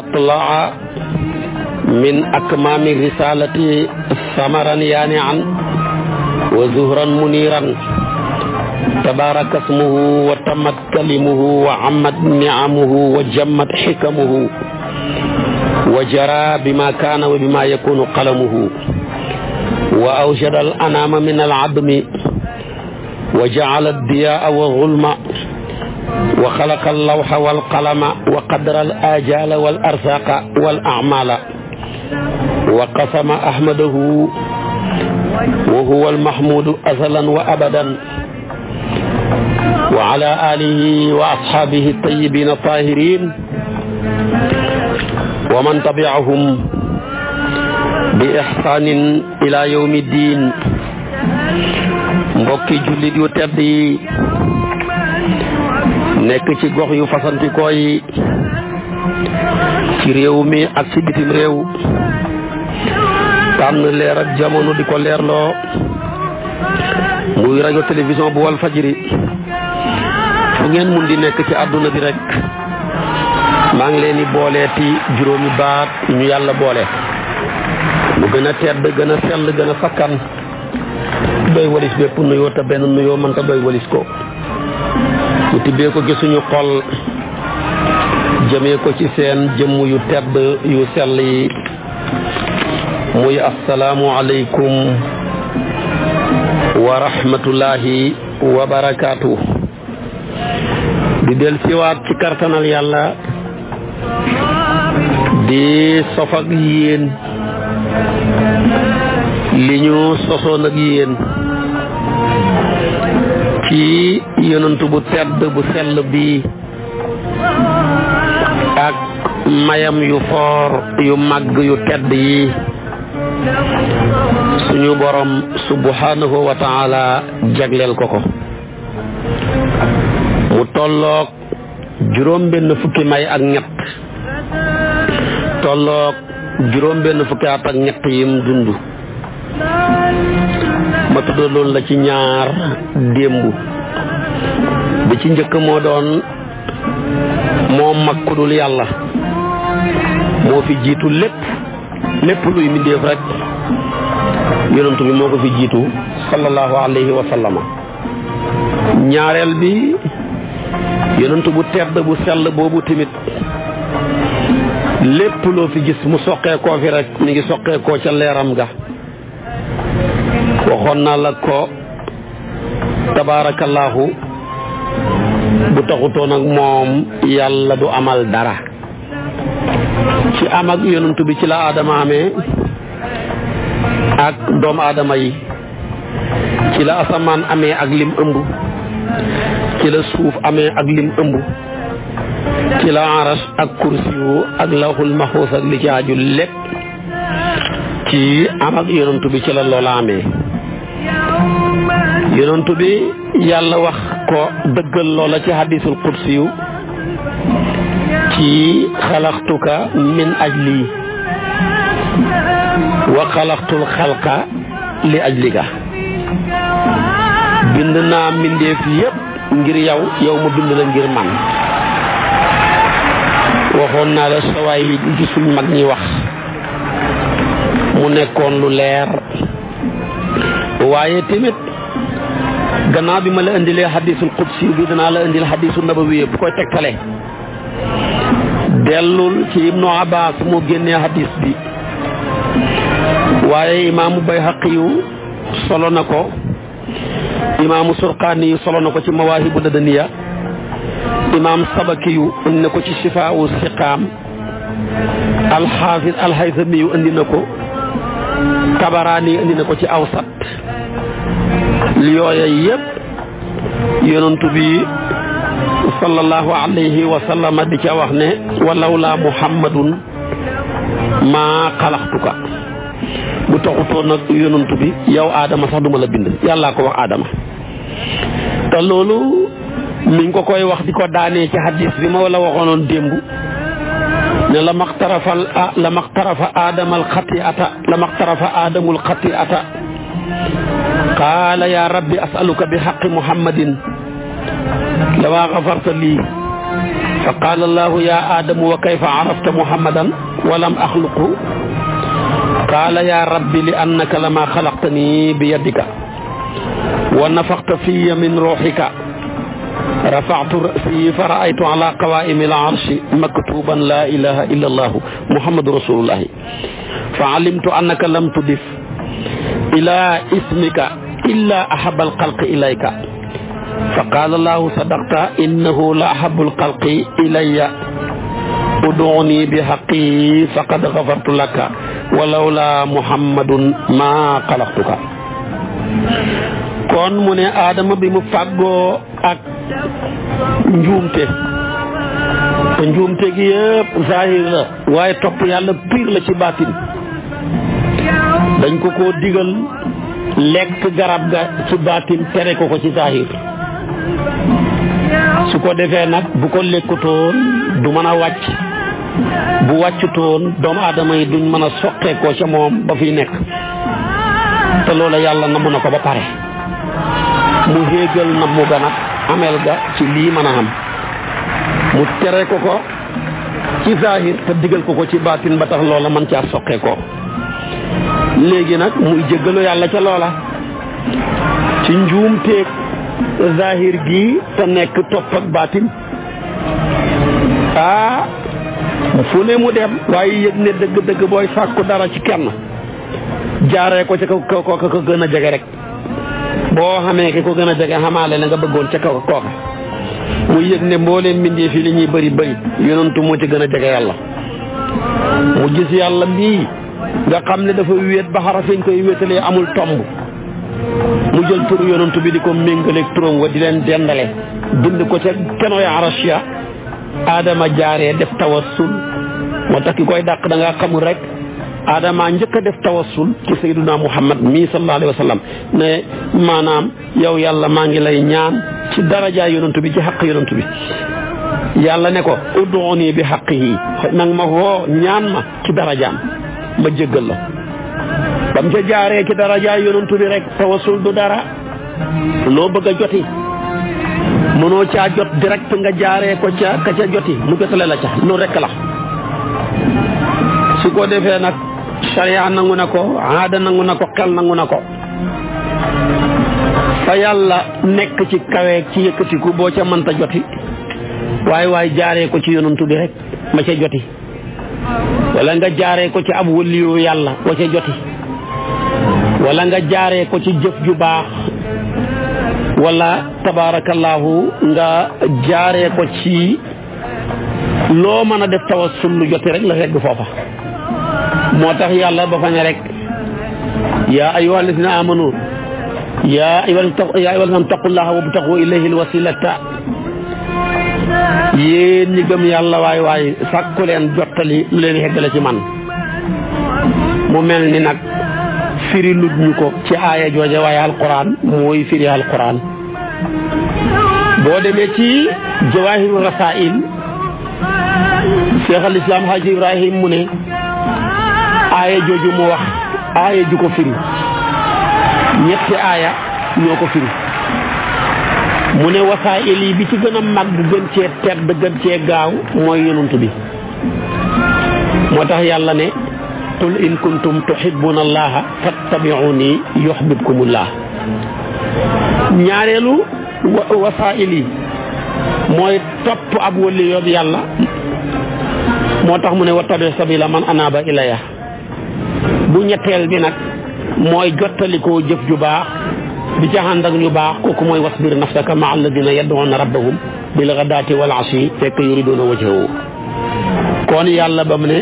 atlaa min akmaami risalati samaran yaani an wa zuhran muniran tabaraka smuhu wa tamat kalimuhu wa ammat niamuhu wa jammat xikamuhu wa jara bima kaana wa bima yakunu qalamuhu wa awjada al anaama min al admi wa jaala addiyaa wa gulma wa xalaqa allawxa wal qalama wa qadara al ajala wal arsaqa wal amala wa qasama ahmadahu wa huwa almahmudu asalan wa abadan wa ala alihi wa ashabihi altayibin altahirin wa man tabiahum bi ihsanin ila yawmi ddin mbokki jullit yu tedd yi nekk ci gox yu fasantikoo yi ci réew mi ak ci bitim réew tànn leer ak jamono di ko leerloo muy rajo télévision bu wal fajiri ngeen mun di nekk ci àdduna bi rekk maa ngi leen di booleeti juróomi baat ñu yàlla boole mu gën a ba gën a sell gën a sakkan doy walis bépp nuyoo te benn nuyoo mënta doy walis ko ñu tibbee ko ci suñu xol jëmee ko ci seen jëm yu tedd yu sell yi muy asalaamu aleykum wa rahmatullahi wa barakaatu del siwaat ci kartanal yàlla di sof ak yéen li ñu sosoon ak yéen ci yonantu bu tedd bu sell bi ak mayam yu foor yu màgg yu tedd yi suñu borom subhanahu wa taala jagleel ko ko mu tolloog juróom benn fukki may ak ñett tolloog juróom benn fukki ak ñett yim dund ma tuddaloon la ci ñaar démb bi ci njëkk moo doon moo mag ku dul yàlla moo fi jiitu lépp lépp luy mbindéef rek yonent bi moo ko fi jiitu sallallahu alayhi wa sallama ñaareel bi yonent bu tedd bu sell boobu tamit lépp loo fi gis mu soqee koo fi rek mi ngi soqee koo ca leeram ga waxoon naa la ko tabaarakallaahu bu taxutoon ak moom yàlla du amal dara ci am ak yonent bi ci la aadama amee ak doomu aadama yi ci la asamaan amee ak lim ëmb ci la suuf amee ak lim ëmb ci la aras ak kursiyu ak lawhul mahfuus ak li ci aju lépp ci am ak yonent bi ci la loola amee yonentu bi yàlla wax ko dëggal loola ci hadisul qudsi yu ci xalaxtuka min ajli wa xalaxtul xalqa li ajlika bind naa mbindeef yépp ngir yow yow mu bind la ngir man waxoon naa la sawaay yi ci mag ñi wax mu nekkoon lu leer waaye tamit gannaaw bi ma la indilee hadisul qudsi bi danaa la indil hadisul nabawi bu koy tegtale dellul ci ibnu abbas moo génnee hadis bi waaye imaamu bayhaqi yu solo na ko imaamu surqaani solo na ko ci mawaahibu ladaniya imaam sabaki yu indi na ko ci shifaawu siqaam alxaafis alxaysami yu indi na ko tabaraani indi na ko ci awsat li yooya yëpp yonantu bi sallallahu alayhi wa sallam di ca wax ne walawlaa muhammadun maa xalaxtuka bu taxutoo nag yonantu bi yow aadama sax duma la bind yàllaa ko wax aadama te loolu niñ ko koy wax di ko daanee ci hadis bi ma la waxoonoon démb ne la maxtarafa la maxtarafa la maxtarafa aadamul xatiata qaala yaa rabbi asaluka bi xaqi muhammadin lama xafarta lii fa qaala allahu yaa aadamu wa kayfa arafta muhammadan wa lam axluqu qaala yaa rabbi li annaka lama xalaqtani bi yaddika wa nafaxta fiya min ruuxika rafactu rasi fa raaytu ala qawaimi alarshi maktuban la ilaha illa allahu muhammadu rasulullahi fa alimtu annaka lam tudif ila ismika illa ahabal xalqi ilayka fa qaala allahu sadaqta innahu la ahabul xalqi ilayya uduni bi haqi faqad gafartu laka walawla muhammadun ma xalaqtuka kon mu ne aadama bi mu fàggoo ak njuumte te njuumte gi yëpp zahir la waaye topp yàlla piir la ci baatin dañ ko ko digal lekk garab ga ci baatin tere ko ko ci saahir su ko defee nag bu ko lekkutoon du mën a wàcc bu wàccutoon doomu aadama yi duñ mën a soqee ko ca moom ba fiy nekk te loola yàlla namm na ko ba pare mu héegal namm ga nag ameel ga ci lii mën a am mu tere ko ko ci saahir te digal ko ko ci baatin ba tax loola man caa soqee ko léegi nag muy jéggalu yàlla ca loola ci njuum teeg gi te nekk topp ak baatin ah fu ne mu dem waaye yëg ne dëgg-dëgg booy sàkku dara ci kenn jaaree ko ca kaw kooka ko gën a jege rek boo xamee ki ko gën a jege xamaale la nga bëggoon ca kaw kooka mu yëg ne mbooleem mbindee fi li ñuy bari bëri yonentu moo ci gën a jege yàlla mu gis yàlla mii nga xam ne dafa wéet ba xara feñ koy wéetalee amul tomb mu jël tur yonantu bi di ko méngaleeg turam wa di leen dendale bind ko ca kenoy arashia aadama jaaree def tawassul moo tax ki koy dàq da ngaa xamul rek aadama njëkk a def tawassul ci sayyiduna muhammad mii sallallahu wa sallam ne maanaam yow yàlla maa ngi lay ñaan ci daraja yonantu bi ci xaq yonantu bi yàlla ne ko ud'uni bi xaqihi nang ma woo ñaan ma ci darajaam ma jéggal la bam ca jaaree ci daraja yonantu bi rek tawasul du dara loo bëgg a joti mënoo caa jot direct nga jaaree ko ca ka ca joti mu jotale la ca noonu rek la su ko defee nag sariya nangu na ko aada nangu na ko xel nangu na ko fa yàlla nekk ci kawe ci yëkkatiku boo ca mënta joti waaye waaye jaaree ko ci yonantu bi rek ma ca joti wala nga jaaree ko ci ab wëliyu yàlla wa ce joti wala nga jaaree ko ci jëf ju baax wala tabaarakallaahu nga jaaree ko ci loo mën a def tawassul lu joti rek la fekk foofa moo tax yàlla ba fa ne rek yaa ayyuha alladina amanu yaa ayyuha alladina taqullaha wabtagu ilayhi alwasilata yéen ñi gëm yàlla waay waay sàkku leen jottali lu leen heggale ci man mu mel ni nag firi lut ñu ko ci aaya jooje waaye alquran mooy firi alquran boo demee ci jawaahiru rasail cheikh al islam haji ibrahim mu ne aaya jooju mu wax aaya ju ko firi ñetti aaya ñoo ko firi mu ne wasaa'il yi bi ci gën a mag gën cee tedd gën cee gaaw mooy yonent bi moo tax yàlla ne qul in kuntum tuhibbuna allaha fattabi'uni yuhbibkumullah ñaareelu wasaa'il yi mooy topp ab wëlli yàlla moo tax mu ne wattabi sabila man anaba ilaya bu ñetteel bi nag mooy jottalikoo jëf ju baax di ca ànd ñu baax kooku mooy wasbir nafsaka ma alladina yad'una rabbahum bil ghadaati wal ashi fekk yuriduna wajhahu kon yàlla ba mu ne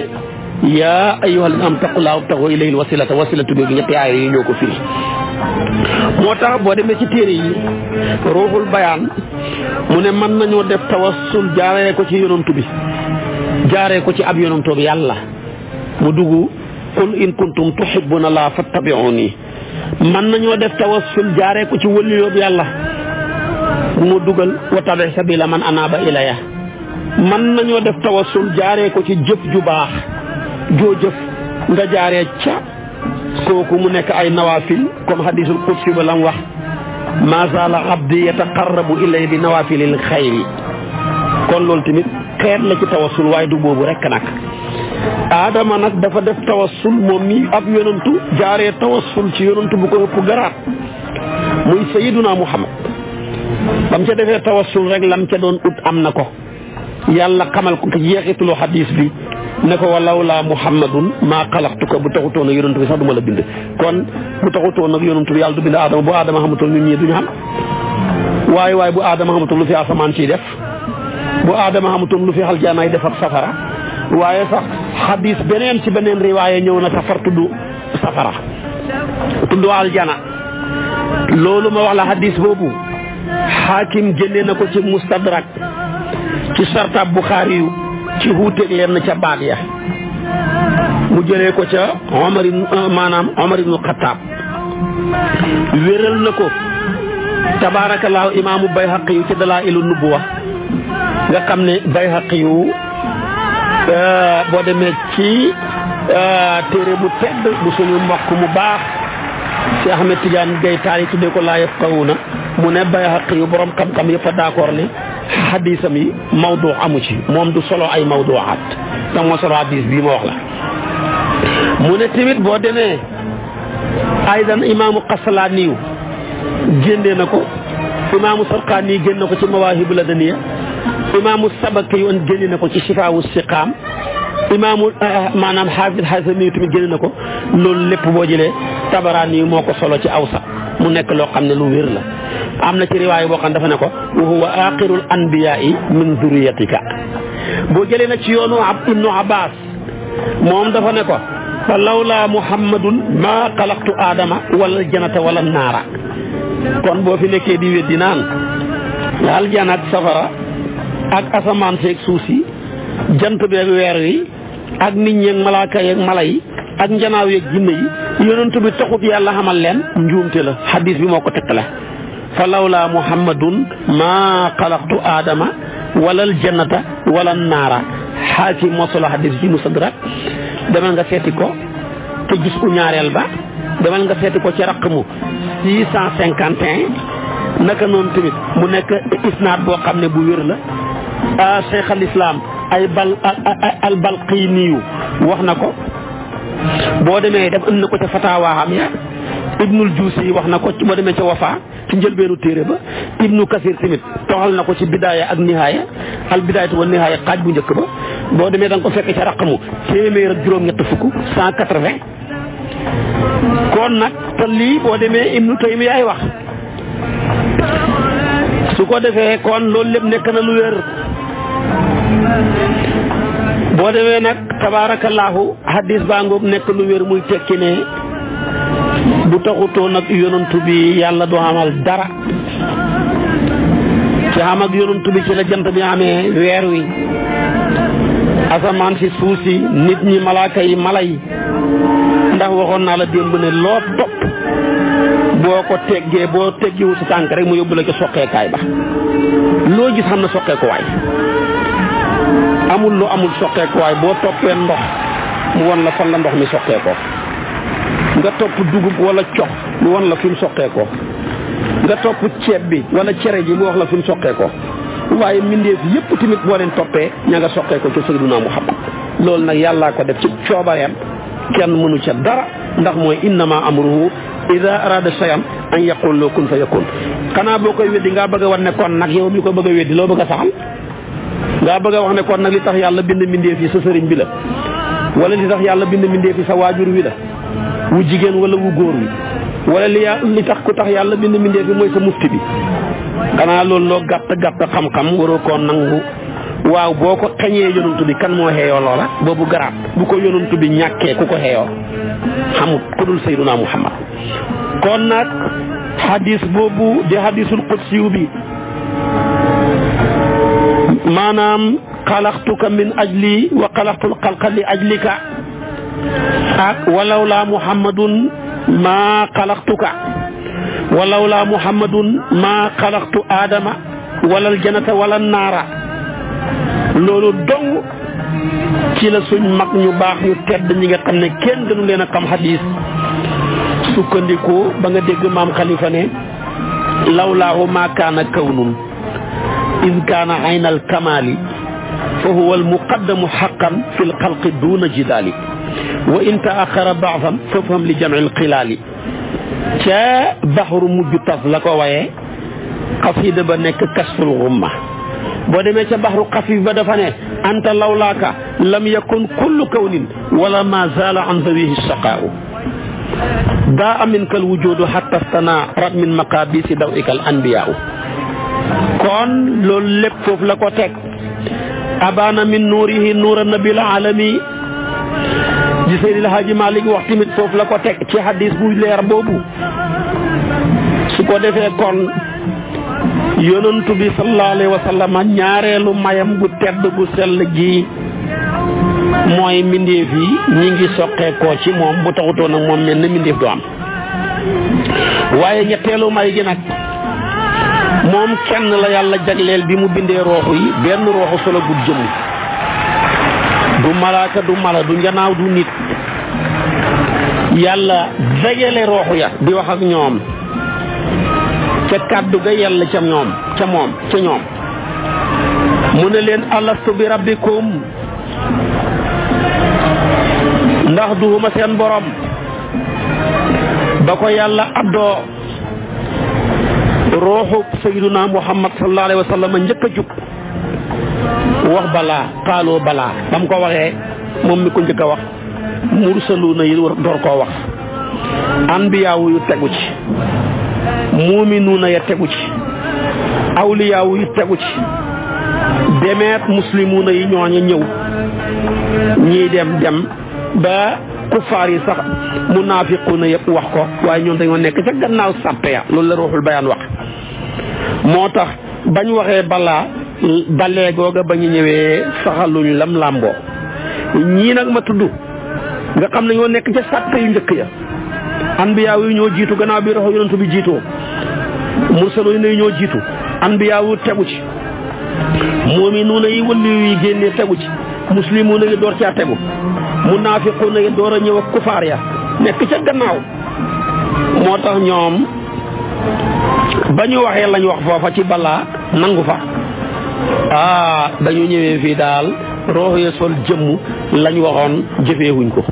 yaa ayyuhal am taqulaa wabtaxu ilayhil wasilata wasilatu bi ñetti aaya yi ñoo ko firi moo tax boo demee ci téere yi ruuxul bayaan mu ne man mën nañoo def tawassul jaaree ko ci yonantu bi jaaree ko ci ab yonantoob yàlla mu dugg qul in kuntum tuhibbuna laa fattabi'uni man nañoo def tawassul jaaree ko ci wëllu yóbbu yàlla mu dugal wa tabe sabila man anaaba ilaya man nañoo def tawassul jaaree ko ci jëf ju baax joo jëf nga jaaree ca kooku mu nekk ay nawafil comme hadisul qudsi ba lam wax ma zaala abdi yataqarrabu ilay bi nawafilil xayri kon loolu tamit xeet la ci tawassul waaye du boobu rekk nag aadama nag dafa def tawassul moom mii ab yonantu jaaree tawassul ci yonantu bu ko ëpp garaat muy sayiduna muhammad bam ca defee tawassul rek lam ca doon ut am na ko yàlla xamal ko jeexitulu hadis bi ne ko walaw laa muhammadun maa ko bu taxutoon ak yonantu bi sax du ma la bind kon bu taxutoon nag yonantu bi yàlla du bind adama bu aadama xamutoon ñun ñii duñu xam waaye waaye bu aadama xamutoon lu fi asamaan ciy def bu aadama xamutoon lu fi xaljaanaay def ak safara waaye sax xadis beneen ci beneen riwaaya ñëw na safar tudd safara tudd aljana loolu ma wax la xadis boobu xaakim génne na ko ci mustadrak ci sartab buxaari yu ci wuuteeg lenn ca baat ya mu jëlee ko ca omar euh, maanaam omar ibnu wéral na ko tabaarakallaahu imaamu bayhaqi yu ci dalaa ilu nubuwa nga xam ne bayhaqi yu Euh, boo demee ci euh, téere bu tedd bu suñu mbokk mu baax si Ahmed Tidiane Gaye taal yi tuddee ko laa yafqahuna mu ne Bayhaqi yu borom xam-xam yëpp a d'accord ne xadisam yi mawdu amu ci moom du solo ay mawduwaat te moo solo hadis bii ma wax la mu ne tamit boo demee aydan imaamu Qasalaniyu génnee na ko imaamu yi génn na ko ci mawaahibu ladaniya imaamu sabaki yoon génne na ko ci sifaawu siqaam imaamu eh, eh, maanaam xaafis xasami tamit génne na ko loolu lépp boo jëlee tabaraan yi moo ko solo ci awsa mu nekk loo xam ne lu wér la am na ci riwaay boo xam dafa ne ko wa huwa aaxirul anbiyaai min zuriyatika boo jëlee na ci yoonu ab ibnu abbas moom dafa ne ko fa lawla muhammadun ma xalaqtu aadama wala janata wala naara kon boo fi nekkee di weddi naan aljana safara ak asamaan seeg suuf yi jant beeg weer wi ak nit ñeeg malaaka yeeg mala yi ak njanaaw yeeg jinne yi yonent bi taxut yàlla xamal leen njuumte la xadis bi moo ko tekkale fa lawlaa muhammadun maa xalaqtu aadama wala aljannata wala naara xaakim moo solo xadis bi musadrak demal nga seeti ko te u ñaareel ba demal nga seeti ko ci raqamu six cent cinquante et naka noonu tamit mu nekk isnaad boo xam ne bu wér la Ah, cheikh al islam ay bal al balqiniyu wax na ko boo demee def am na ko ca fatawaaxam ya ibnul juusi wax na ko boo demee ca wafa ci njëlbeenu téere ba ibnu kasir tamit toxal na ko ci bidaaya ak nihaaya al bidaayatu wa nihaaya xaaj bu njëkk ba boo demee da ko fekk ca raqamu téeméer ak juróom-ñett fukk cent quatre-vingt kon nag te boo demee ibnu taymiya ay wax su ko defee kon loolu lépp nekk na lu wér boo demee nag tabaarakallaahu hadis baa ngoog nekk lu wér muy tekki ne bu taxutoo nag yonantu bi yàlla du amal dara ci xam ak yonantu bi ci la jant bi amee weer wi asamaan si suuf si nit ñi malaaka yi mala yi ndax waxoon naa la démb ne loo topp boo ko teggee boo teggiwu sa tànk rek mu yóbbu la ci soqeekaay ba loo gis xam na soqeekuwaay amul lu amul soqeeku waaye boo toppee ndox mu won la fan la ndox mi soqeekoo nga topp dugub wala cox mu won la fi mu soqeekoo nga topp ceeb bi wala cere ji mu wax la fi mu soqeekoo waaye mbindeef yépp tamit boo leen toppee ña nga soqeekoo ca Seydina Muhammad loolu nag yàllaa ko def ci coobareem kenn mënu ca dara ndax mooy innama amruhu ida arada shay'an an yaqul loo kun fa yakun xanaa boo koy weddi ngaa bëgg a wan ne kon nag yow mi ko bëgg a weddi loo bëgg a saxal ngaa bëgg a wax ne kon nag li tax yàlla bind mbindeef yi sa sëriñ bi la wala li tax yàlla bind mbindeef yi sa waajur wi la wu jigéen wala wu góor wi wala li ya li tax ku tax yàlla bind mbindeef yi mooy sa mufti bi xanaa loolu loo gàtt gàtt xam-xam waroo koo nangu waaw boo ko xañee yonantu bi kan moo xeeyoo loola boobu garaat bu ko yonantu bi ñàkkee ku ko xeeyoo xamut ku dul sayduna muhammad kon nag hadis boobu di hadisul qudsi bi maanaam xalaxtuka min ajli wa xalaxtul xalqa li ajlika ak ah, walaw laa muhammadun maa kalaxtuka walaw laa muhammadun maa xalaxtu aadama walla janata walla naara loolu dong ci la suñ mag ñu baax ñu tedd ñi nga xam ne kenn gënu leen a xam xadiis sukkandiku ba nga dégg maam xalifa ne lawlaahu maa kaana kawnun إذ كان عين الكمال فهو المقدم حقا في الخلق دون جدال وإن تأخر بعضا فافهم لجمع القلال ca baxru mujj tas la ko waye xasida ba nekk kasful xumma boo demee ca baxru xafif ba dafa ne anta lawlaaka lam yakun kullu kawnin wala ma zala an zawihi saqaawu daa aminka al wujudu xatta stana rab min maqabisi dawika al anbiyaau kon loolu lépp foofu la ko teg abana min nuurihi nuur nabil alami ji Seydil Haaji Malik wax tamit foofu la ko teg ci hadis bu leer boobu su ko defee kon yonantu bi sallallahu alayhi ñaareelu mayam gu tedd gu sell gi mooy mbindeef yi ñi ngi soqeekoo ci moom bu taxutoon ak moom mel ne mbindeef du am waaye ñetteelu may gi nag moom kenn la yàlla jagleel bi mu bindee rooxu yi benn rooxu solo gud jëmm du malaaka du mala du njanaaw du nit yàlla dajale rooxu ya di wax ak ñoom ca kàddu ga yàlla ca ñoom ca moom ñoom mu ne leen alastu bi rabbikum ndax duhuma seen borom ba ko yàlla addoo ruuxu sayyiduna muhammad sallallahu alayhi wa sallam njëkk a jug wax balaa xaaloo balaa dam ko waxee moom mi ko njëkk a wax mursaluuna yi door koo wax anbiyaawu yu tegu ci muuminuuna ya tegu ci awliyaawu tegu ci demeet muslimuuna yi ñooña ñëw ñii dem dem ba kuffaar yi sax munaafiquuna yëpp wax ko waaye ñoom ñoo nekk ca gannaaw sàppe ya loolu la ruuxul bayaan wax moo tax bañ waxee balaa balee googa ba ñu ñëwee saxaluñ lam làmboo ñii nag ma tudd nga xam ne ñoo nekk ca sàkk njëkk ya anbiyaa yu ñoo jiitu gannaaw bi roxo yonantu bi jiitoo mursalo yi ñoo jiitu anbiyaa yu tegu ci muminuuna yi wëlliw yi génnee tegu ci muslimuuna yi door caa tegu munaafiquuna yi door a ñëw ak kufaar ya nekk ca gannaaw moo tax ñoom ba ñu waxee lañ wax foofa ci balaa nangu fa ah dañu ñëwee fii daal roox ya sol jëmm lañ waxoon jëfeewuñ ko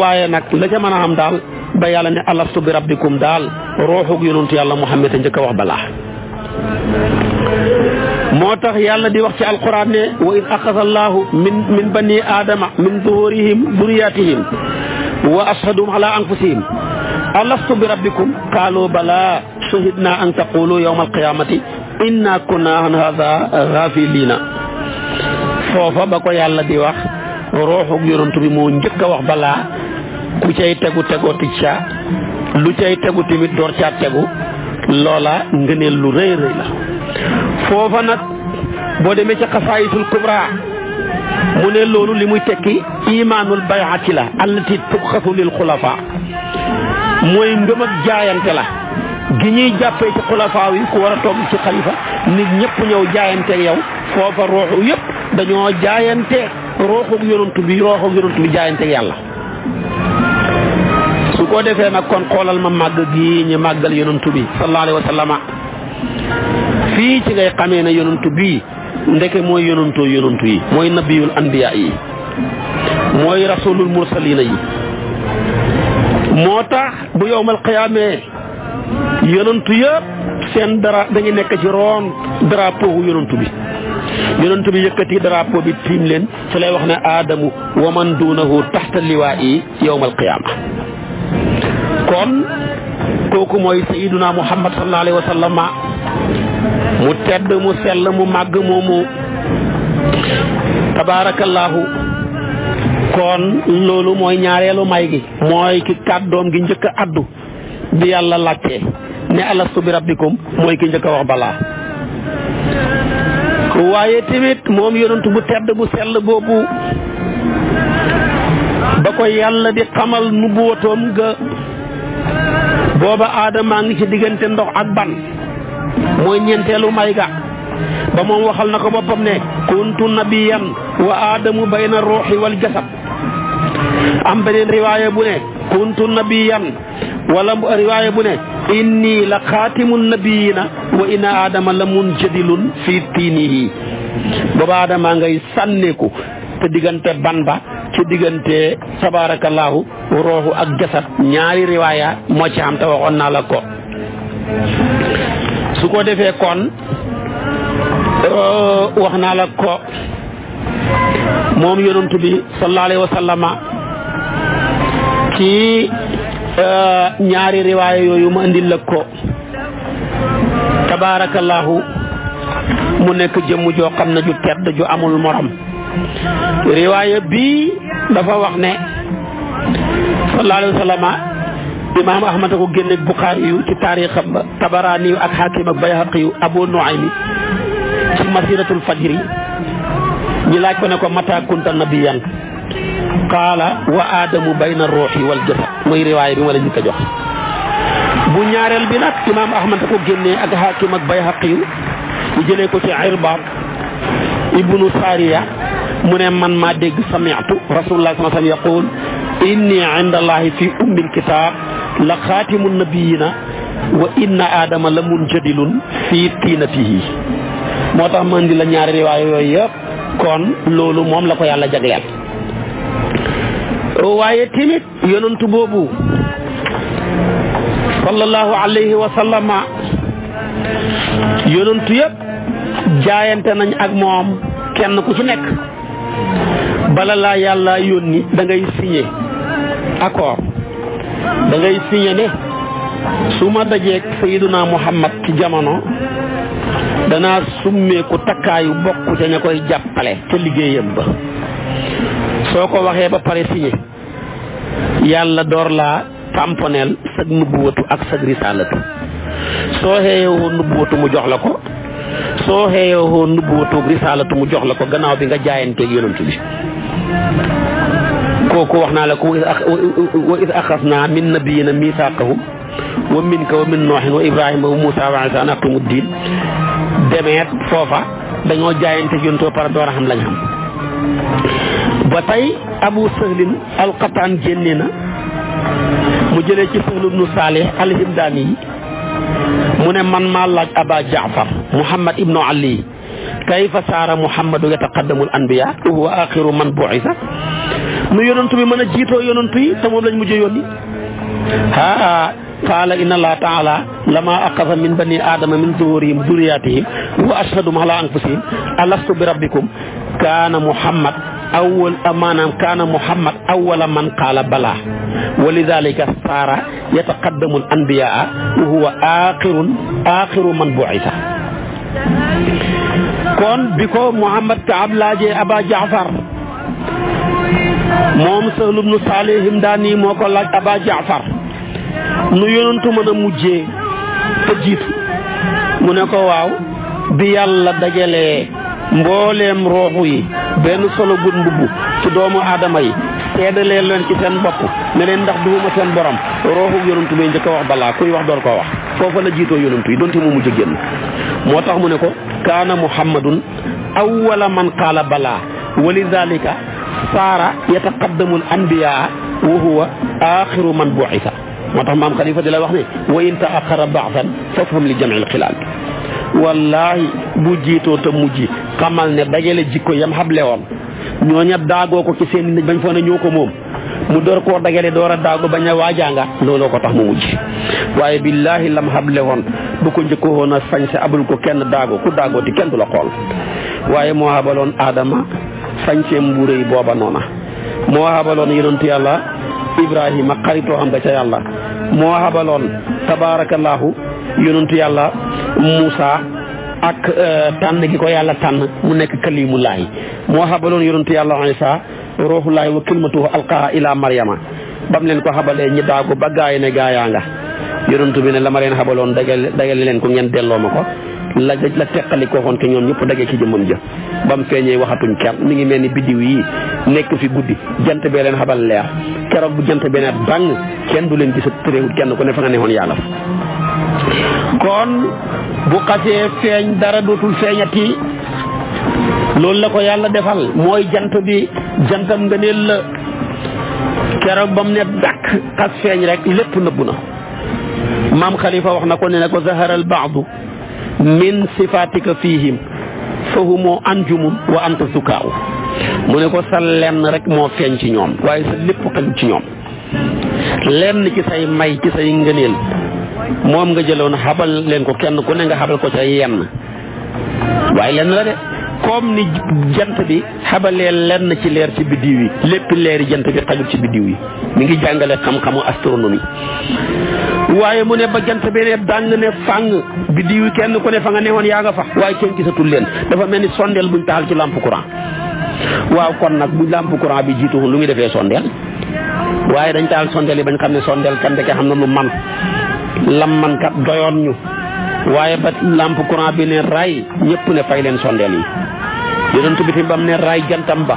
waaye nag la ca mën a xam daal ba yàlla ne alastu bi rabbikum daal rooxuk yonent yàlla Muhammad a njëkk a wax balaa moo tax yàlla di wax ci alquran ne wa id axasa min min bani aadama min zuhurihim zuriyatihim wa ashadum ala anfusihim alastu bi rabbikum qaalu balaa shahidna an taqulu yawma alqiyamati inna kunna an hadha ghafilina foofa ba ko yàlla di wax ruuxu yonent bi moo njëkk wax balaa ku cay tegu tegooti ca lu cay tegu tamit door caa tegu loola ngëneel lu rëy rëy la foofa nag boo demee ca xasaayisul kubra mu ne loolu li muy tekki imaanul bayati la allati tubxasu lil xulafa mooy ngëm jaayante la gi ñuy jàppee ci xulafaaw yi ku war a toog ci xalifa nit ñëpp ñëw jaayante ak yow foofa ruuxu yëpp dañoo jaayante ruuxu yonent bi ruuxu yonent bi jaayante yàlla su ko defee nag kon xoolal ma màgg gi ñu màggal yonent bi sallallahu alayhi wa fii ci ngay xamee ne yonent bii ndeke mooy yonentoo yonent yi mooy nabiyul anbiya yi mooy rasulul mursalina yi moo tax bu yowmal qiyaamee yonantu yëpp seen dara dañu nekk ci roon drapeau wu yonantu bi yonantu bi yëkkati drapeau bi tiim leen ci lay wax ne aadamu wa man duunahu taxta liwaa'i yowmal qiyaama kon kooku mooy sayiduna muhammad sallallahu alayhi wa sallam mu tedd mu sell mu màgg moomu tabaarakallaahu kon loolu mooy ñaareelu may gi mooy ki kàddoom gi njëkk a bi yàlla laajtee ne alastu bi rabbikum mooy ki njëkk wax balaa waaye tamit moom yonent bu tedd bu sell boobu ba ko yàlla di xamal nu bóotoom ga booba aadamaa ngi ci diggante ndox ak ban mooy ñeenteelu may ga ba moom waxal na ko boppam ne kuntu nabiyan wa aadamu bayna ruuxi wal jasad am beneen riwaaya bu ne kuntu nabiyan wala riwaaya bu ne inni la xaatimu nabiyina wa inna adama la munjadilun fi tiinihi booba adama ngay sànneeku te diggante ban ba ci diggante tabaarakallaahu rooxu ak jasad ñaari riwaaya moo ci am te waxoon naa la ko su ko defee kon euh, wax naa la ko moom yonent bi sallallahu alayhi ci euh, ñaari riwaaya yooyu ma indi la ko tabaarakallaahu mu nekk jëmm joo xam ne ju tedd ju amul morom riwaaya bi dafa wax ne sallallahu alayhi wa sallama imaam ahmad a ko génneeg yu ci taarixam tabaraani yu ak xaakim ak bayhaqi yu abu nuaymi ci masiratul fajri ñi laaj ko ne ko mata kunta nabiyan qaala wa aadamu bayna ruuxi wal jasad mooy riwaay bi ma la njëkk a jox bu ñaareel bi nag imaam ahmad ko génnee ak hakim ak bayhaqi yu jëlee ko ci irbaad ibnu sariya mu ne man maa dégg sami'tu rasulullah sallallahu alayhi wa sallam yaqul inni inda allahi la xaatimu nabiyina wa inna aadama moo tax man di la ñaari riwaay yooyu yëpp kon loolu moom la ko yàlla jagleel Oh, waaye tamit yonantu boobu sallallahu alayhi wa yonantu yëpp jaayante nañ ak moom kenn ku ci nekk bala laa yàlla yónni da ngay signé accord dangay ngay ne su ma dajeeg sayyiduna muhammad ci jamono danaa summeeku takkaayu bokk ca ña koy jàppale ca liggéeyam ba soo ko waxee ba pare signé yàlla door laa tamponeel sag nubbuwatu ak sag risaalatu soo xeeyewoo nubbuwatu mu jox la ko soo xeeyewoo nubbuwatu mu jox la ko gannaaw bi nga jaayanteeg yonent bi kooku wax naa la ko wa is axasna min nabiyina misaaqahum wa minka wa min nooxin wa ibrahima wa muusa wa isa an aqimu diin demeet foofa dañoo jaayante yonent ba pare door a xam la xam ba tey abu sahlin alqataan génne na mu jëlee ci sahlu bnu saalih alhimdaani yi mu ne man maa laaj aba jaafar muhammad ibnu ali kayfa saara muhammadu yataqaddamul anbiya wa axiru man buisa nu yonantu bi mën a jiitoo yonantu yi te moom lañ mujjee yónni haa qaala inna allah taala lama aqasa min bani adama min zuhurihim duriyatihim wa ashhadum ala anfusihim alastu bi rabbikum kaana muhammad awwal maanaam kaana muhammad awwala man qaala balaa wa lidalika saara yataqaddamu al anbiyaa wa huwa aaxirun aaxiru man buisa kon bi ko muhammad kaab laajee aba jaafar moom sahlu bnu saalihim daani moo ko laaj aba jaafar nu yonantu mën a mujjee te jiitu mu ne ko waaw bi yàlla dajalee mboolem rooxu yi benn solo gun mbubb ci doomu aadama yi seedalee leen ci seen bopp ne ndax duuma seen borom rooxu yonantu bay njëkk a wax balaa kuy wax door ko wax foofa la jiitoo yonantu yi donte mu mujj génn moo tax mu ne ko kaana muhammadun awwala man qaala balaa walidalika saara yataqaddamul anbiyaa wa huwa axiru man buisa moo tax maam xalifa di la wax ne wa in taaxara baaxsan fafham li jamil xilaal wallaahi bu jiitoo tam mujj xamal ne dajale jikko yam xable woon ñooña daagoo ko ci seen nit bañ foog ne ñoo ko moom mu door koo dagale door a daagu bañ a waajaanga looloo ko tax mu mujj waaye billaahi lam xable woon bu ko njëkko woon a sañse abul ko kenn daago ku daagooti kenn du la xool waaye moo xabaloon aadama sañseem bu rëy booba noona moo xabaloon yonentu yàlla ibrahima xaritoo xam nga ca yàlla moo xabaloon tabaarakallaahu yonentu yàlla Moussa ak euh, tànn gi ko yàlla tànn mu nekk kalimu laay moo xabaloon yonentu yàlla Iisaa ruuxu laay wa kalimatuhu alqaaha ilaa Maryama bam leen ko xabalee ñi daagu ba gaay ne gaayaa nga yonentu bi ne la ma leen xabaloon dagal dagal leen ko ngeen delloo ma ko la la teqali ko xoon ke ñoom ñëpp dagee ci jëmmam ja bam feeñee waxatuñ kenn mi ngi mel ni biddiw yi nekk fi guddi jant bee leen xabal leer keroog bu jant bee ne bang kenn du leen gis a kenn ku ne fa woon yàlla bu xasee feeñ dara dootul feeñati loolu la ko yàlla defal mooy jant bi jantam nga neel la keroog ba mu ne dàkk xas feeñ rek lépp nëbbu na maam Khalifa wax na ko ne ne ko zaharal baadu min sifatika fihim fa humoo wa anta mu ne ko sa lenn rek moo feeñ ci ñoom waaye sa lépp xañ ci ñoom lenn ci say may ci say ngëneel moom nga jëloon xabal leen ko kenn ku ne nga xabal ko ca yenn waaye lenn la de comme ni jant bi xabalee lenn ci leer ci biddiw yi lépp leeri jant bi xajul ci biddiw yi mi ngi jàngale xam-xamu astronomie waaye mu ne ba jant bi ne dàng ne fàng biddiw yi kenn ku ne fa nga ne woon yaa nga fa waaye kenn gisatul leen dafa mel ni sondeel buñ taal ci lampe courant waaw kon nag bu lampe courant bi jiitu lu muy defee sondeel waaye dañ taal sondeel yi bañ xam ne sondeel kan de xam na lu man lam man kat doyoon ñu waaye ba lamp courant bi ne raay ñëpp ne fay leen sondeel yi yonent bi fi bam ne raay jantam ba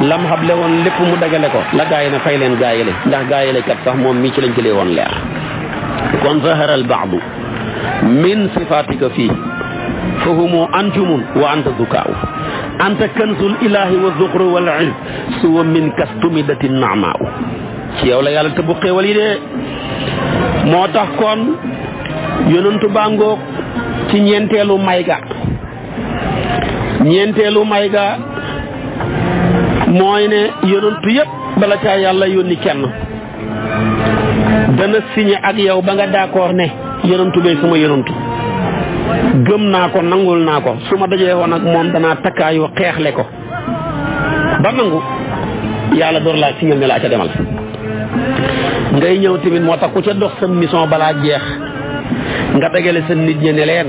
lam xable woon lépp mu dagale ko la gaay ne fay leen gaayale ndax gaayale kat sax moom mii ci lañ jëlee woon leer kon zahara al baadu min sifatika fii fa humu anjumun wa anta dukaaw anta kanzul ilahi wa zuxru wal iz suwa min kastumidati naamaaw ci yow la yàlla tëbbu xéewal yi de moo tax kon yonantu bàngoog ci ñeenteelu may ga ñeenteelu may ga mooy ne yonantu yëpp bala caa yàlla yónni kenn dana signé ak yow ba nga d'accord ne yonantu bee sama yonantu gëm naa ko nangul naa ko su ma dajee woon ak moom danaa takkaayu xeexle ko ba nangu yàlla door laa signal ne laa ca demal ngay ñëw tamit moo tax ku ca dox sa mission balaa jeex nga dagale sa nit ñi ne leen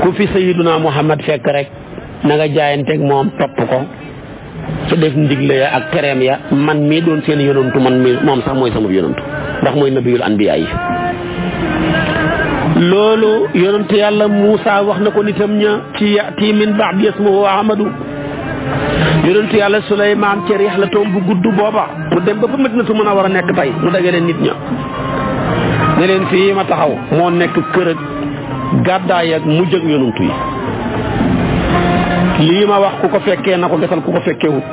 ku fi sayyiduna Muhammad fekk rek na nga jaayanteeg moom topp ko te def ndigle ya ak tereem ya man mii doon seen yonantu man moom sax mooy sama yonantu ndax mooy nabiyul anbiya loolu yonantu yàlla Muusa wax na ko nitam ña ci ya'ti min ba'di ismuhu Ahmadu yonentu yàlla Suleymaan ci riix la toom bu gudd booba mu dem ba fa war a nekk tey mu dagale nit ña ne fii ma taxaw moo nekk kër ak gàddaay ak mujj ak yonentu yi lii ma wax ku ko fekkee na ko gesal ku ko fekkewut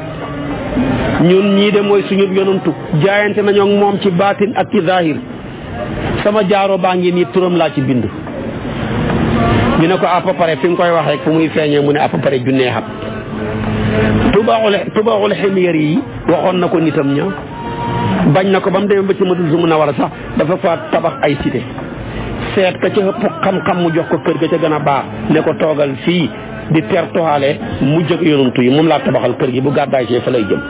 ñun ñii de mooy suñu yonentu jaayante nañoo moom ci baatin ak ci zahir sama jaaro baa ngi nii turam laa ci bind ñu ne ko à peu près fi nga koy wax rek fu muy feeñee mu ne à peu pare junnee xam tubaaxul tubaaxul ximyar yi waxoon na ko nitam ña bañ na ko ba mu demee ba ci madul su mun a war a sax dafa fa tabax ay cité seet ka ca ëpp xam-xam mu jox ko kër ga ca gën a baax ne ko toogal fii di ter tertoxaale mu jëg yonantu yi moom laa tabaxal kër gi bu gàddaay see fa lay jëm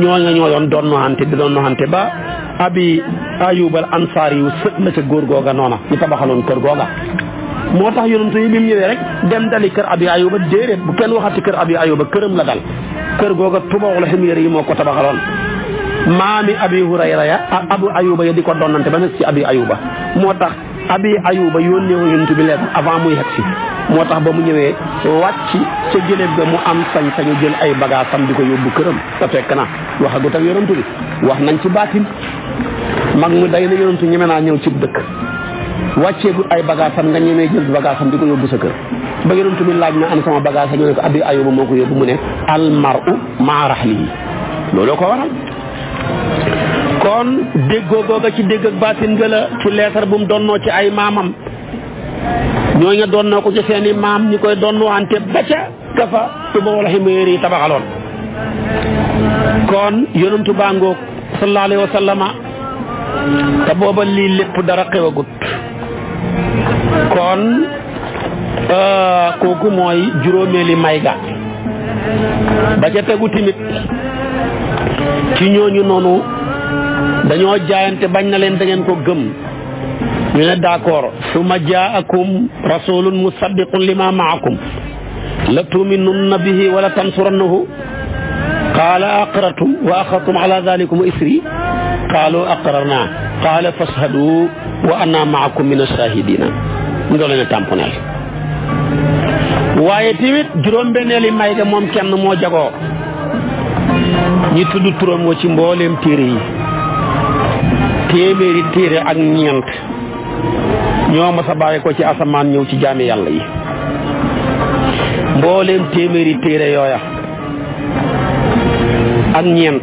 ñoo nga ñoo doon doon noxante di doon noxante ba abi ayubal ansaar yu sët la ca góor googa noona ñu tabaxaloon kër googa moo tax yonent yi bi rek dem dali kër abi ayuba déedéet bu kenn waxati kër abi ayuba këram la dal kër googa tubaaxul ximyéer yi moo ko tabaxaloon maami abi hurayra ya ak abu ayuba ya di ko donnante ba nekk ci abi ayuba moo tax abi ayuba yónnee wu yonent bi leen avant muy yegg moo tax ba mu ñëwee wàcc ca gëléem ga mu am sañ-sañu jël ay bagaasam di ko yóbbu këram te fekk na waxagut ak yonent bi wax nañ ci baatin mag mu day na yonent ñeme naa ñëw ci dëkk wàcceegut ay bagaasam nga ñemee jël bagaasam di ko yóbbu sa kër ba yonent bi laaj na am sama bagage ñu ne ko abi ayuba moo ko yóbbu mu ne almaru maa rahlihi looloo ko waral kon déggoo googa ci dégg ak baatin nga la ci leetar bu mu donnoo ci ay maamam ñooñu donnoo ko ci seeni maam ñu koy donnuwante ba ca kafa tuba wala ximéer yi tabaxaloon kon yonentu baa ngoog sallallahu alayhi te booba lii lépp dara xewagut kon euh, kooku mooy juróomeeli may ga ba ca timit ci ñooñu noonu dañoo jaayante bañ na leen da ko gëm ñu ne d'accord summa jaakum rasulun musaddiqun lima maakum la tuuminunna bihi wala tansurannahu qaala aqratum wa axadtum ala dalikum isri qaalu aqrarna qaala fashadu wa ana maakum min ashahidina nga leen a waaye tamit juróom-benneeli may ga moom kenn moo jagoo ñi tudd turam wa ci mbooleem téere yi téeméeri téere ak ñeent ñoo mas a ko ci asamaan ñëw ci jaami yàlla yi mbooleem téeméeri téere yooya ak ñeent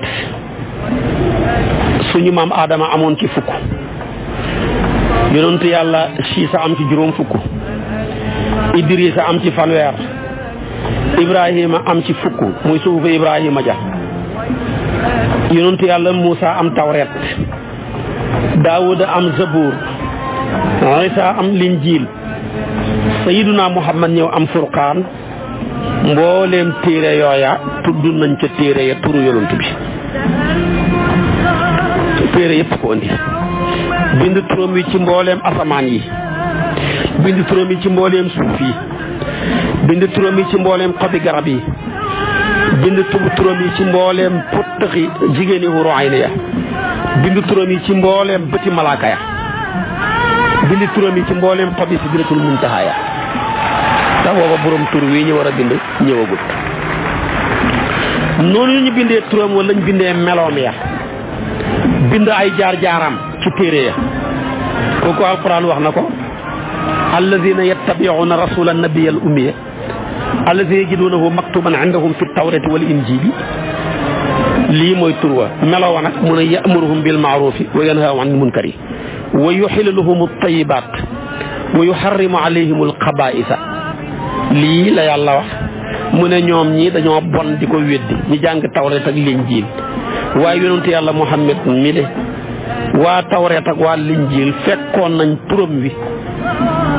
suñu maam aadama amoon ci fukk yonentu yàlla Siisa am ci juróom fukk Idrisa am ci fanweer Ibrahima am ci fukk muy suufu Ibrahima ja yonentu yàlla Muusa am tawret Daawuda am Zabuur Isa am Linjiil sayiduna Muhammad ñëw am furqaan mbooleem téere yooya tudd nañ ca téere ya turu yonent bi téere yëpp ko indi bind turam yi ci mbooleem asamaan yi bind turam yi ci mbooleem suuf yi ci mbooleem xobi garab yi bind turam yi ci mbooleem pottaxi jigéeni huru ayni ya bind turam yi ci mbooleem bëti malaaka ya bind turam yi ci mbooleem xobi sidratul muntaha ya ndax booba borom tur wii ñu war a bind ñëwagul noonu ñu bindee turam wala ñu bindee meloom ya bind ay jaar jaaram ci téere ya kooku alquran wax na ko alladina yattabiuna rasula nabiya al ummiya alladi yajidunahu maktuban indahum fi tawrati wal injili lii mooy tur wa meloo wa nag mu ne yamuruhum bil maarufi wa yanhaahu anil munkari wa yuxilu lahum altayibat wa yuxarrimu alayhim alxabaisa lii la yàlla wax mu ne ñoom ñi dañoo bon di ko weddi ñi jàng tawrat ak linjiil waaye yonent yàlla Muhammad mi de waa tawreet ak waa linjiil fekkoon nañ turam wi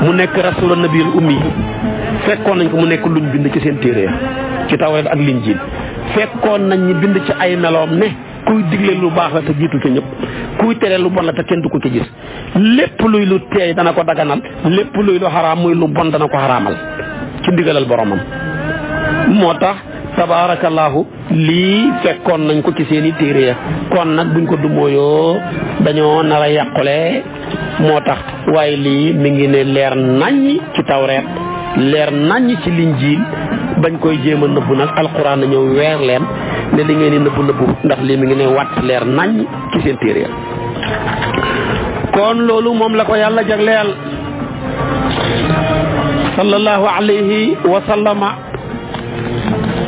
mu nekk rasul nabiyul ummi fekkoon nañ ko mu nekk luñ bind ci seen téere ya ci tawreet ak linjiil fekkoon nañ ñu bind ci ay meloom ne kuy digle lu baax la te jiitu ca ñëpp kuy tere lu bon la te kenn du ko ci gis lépp luy lu teey dana ko daganal lépp luy lu xaraam muy lu bon dana ko xaraamal ci ndigalal boromam moo tax tabaarakallaahu lii fekkoon nañ ko ci seeni téere ya kon nag buñ ko dumóoyoo dañoo nar a yàqule moo tax waaye lii mi ngi ne leer naññ ci tawreet leer naññ ci linjiil bañ koy jéem a nëbbu nag alxuraan a ñëw weer leen ne li ngeen di nëbbu nëbbu ndax lii mi ngi ne wat leer naññ ci seen téere ya loolu moom la ko yàlla jagleel sallallahu alayhi wa sallama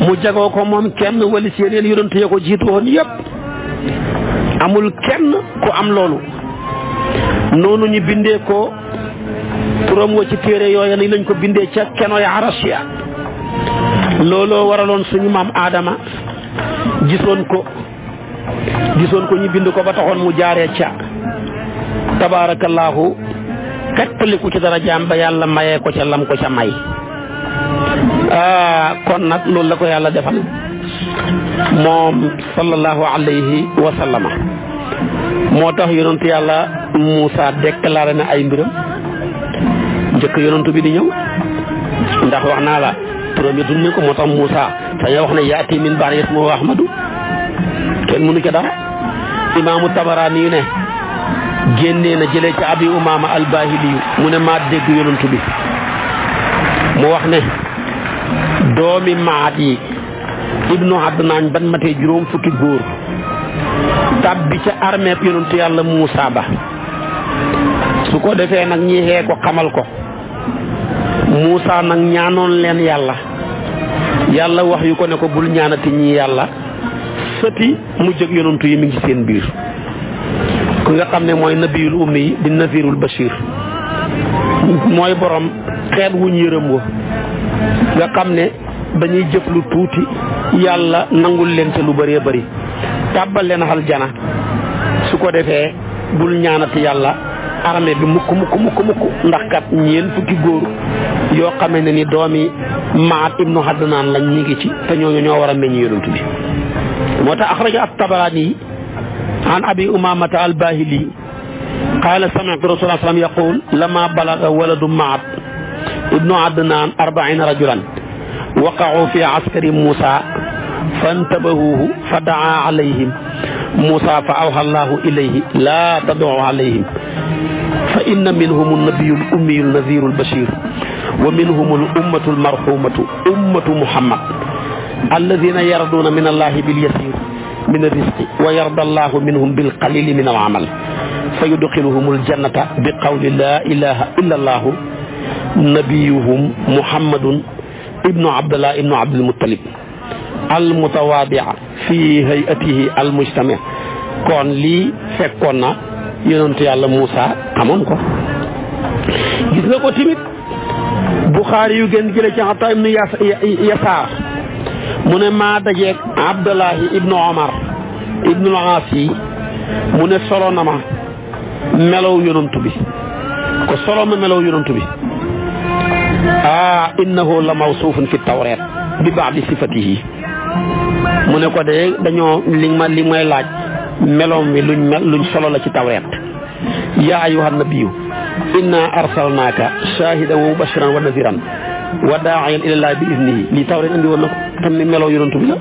mu jagoo ko moom kenn wala si yeneen yonent ko jiitu woon yëpp amul kenn ku am loolu noonu ñu bindee ko turam wa ci téere yooya ni lañ ko bindee ca kenoy arasiya looloo waraloon suñu maam aadama gisoon ko gisoon ko ñu bind ko ba taxoon mu jaaree ca tabaarakallaahu kattaliku ci dara jaam ba yàlla mayee ko ca lam ko ca may ah kon nag loolu la ko yàlla defal moom sallallahu alayhi wa sallama moo tax yonantu yàlla Moussa déclaré na ay mbiram njëkk yonantu bi di ñëw ndax wax naa la turam yi duñ ne ko moo tax Moussa saña wax ne yaati min ba'di ismuhu Ahmadu kenn mënu ca dara imaamu Tabaraani ne génnee na jëlee ci abi umaama albahiliyu mu ne maa dégg yonantu bi mu wax ne doomi maat yi ibnu adnaan ban matee juróom fukki góor tàbbi ca armée yonentu yàlla Muusaa ba su ko defee nag ñi xee ko xamal ko Muusaa nag ñaanoon leen yàlla yàlla wax yu ko ne ko bul ñaanati ñi yàlla sëti mu jëg yonentu yi mi ngi seen biir ki nga xam ne mooy nabiyul ummi yi di nazirul bashir mooy boroom xeet wuñ yërëm wa nga xam ne dañuy jëf lu tuuti yàlla nangul leen ca lu bëree bëri tàbbal leen jana su ko defee bul ñaanati yàlla armée bi mukk mukk mukk mukk ndax kat ñeen fukki góor yoo xamee ne ni doomi maat ibnu hadnaan lañ ñu ngi ci te ñooñu ñoo war a meññ yonent bi moo tax axraja at-Tabaraani an abi umamata al-Bahili qaala sami'tu rasulallah sallam yaqul lama balaga waladu maat ibnu adnaan arbaina rajulan waqacu fi askari muusa fantabahuuhu fa daa alayhim muusa fa awha allahu ilayhi laa tadoo alayhim fa inna minhum nabiyu l ummiyu naziru lbashir wa minhum al ummatu almarhumatu ummatu muhammad alladina yarduuna min allahi bilyasir min arrisqi wa yarda allahu minhum bilqalili min alamal fa yudxiluhum aljannata bi qawli laa ilaha illa allahu nabiyuhum muhammadun ibnu abdallah ibnu abdul muttalib fi hayatihi al kon lii fekkoon na yonentu yàlla Muusa amoon ko gis nga ko timit Buxaari yu gën jële ci Ataa ibnu Yasaar mu ne maa dajeeg Abdullahi ibnu Omar ibnu Aas mu ne solo na ma melaw yonentu bi ko solo na melaw yonentu bi ah innahu la mawsuufun fi tawreet bi ba'di sifatihi mu ne ko de dañoo li ma li may laaj meloom wi luñ mel luñ solo la ci tawreet ya ayyuhan nabiyyu inna arsalnaaka shaahidan wa mubashiran wa naziran wa daa'iyan ilallaahi bi iznihi lii tawreet andi woon na ko tam ne meloo yonent bi la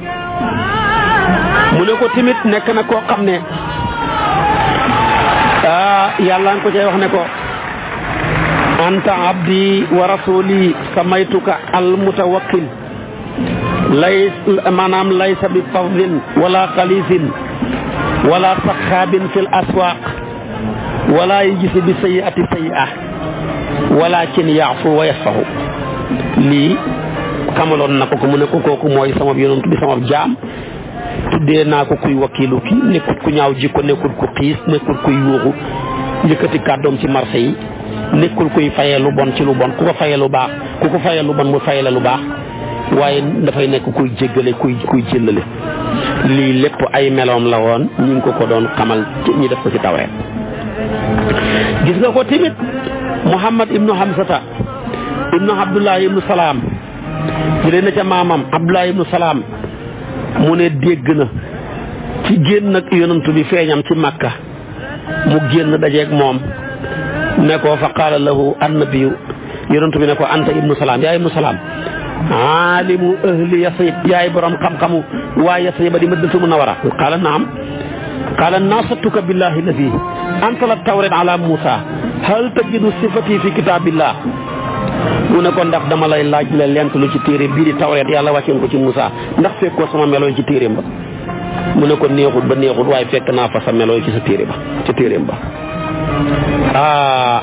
ne tamit nekk na koo xam ne ah yàlla nga ko cay wax ne ko anta abdi wa samaytuka almutawakkil lay maanaam laysa bi fadlin wala xalisin wala saxaabin fi l wala yujisi bi sayiati sayi'a walakin yaafu wa yasfahu lii xamaloon na ko ko mu ne ko kooku mooy sama yonent bi naa ko kuy wakiilu ki nekkut ku ñaaw jikko nekkut ku xiis nekkut kuy yuuxu njëkkati kàddoom ci marché yi nekkul kuy fayee lu bon ci lu bon ku ko fayee lu baax ku ko fayee lu bon mu fayee la lu baax waaye dafay nekk kuy jéggale kuy kuy jëllale lii lépp ay meloom la woon ñu ngi ko ko doon xamal ñi def ko ci tawreet gis nga ko tamit muhammad ibnu hamsata ibnu abdullahi ibnu salaam jëlee ca maamam abdullahi ibnu salaam mu ne dégg na ci génn ak yonantu bi feeñam ci makka mu génn dajeeg moom ne ko fa qaala lahu annabiyu yonent ne ko anta ibnu salaam yaa ibnu salaam aalimu ahli yasrib yaay borom xam-xamu waa yasriba di madinatu munawara qaala naam qaala nasatuka billahi alladi anzala tawrat ala Muusa hal tajidu sifati fi kitaabillah mu ne ko ndax dama lay laaj la lent lu ci téere bii di tawret yàlla wàccoon ko ci Muusa ndax fekkoo sama melo ci téeréem ba mu ne ko neexul ba neexul waaye fekk naa fa sa melo ci sa téere ba ci ba ah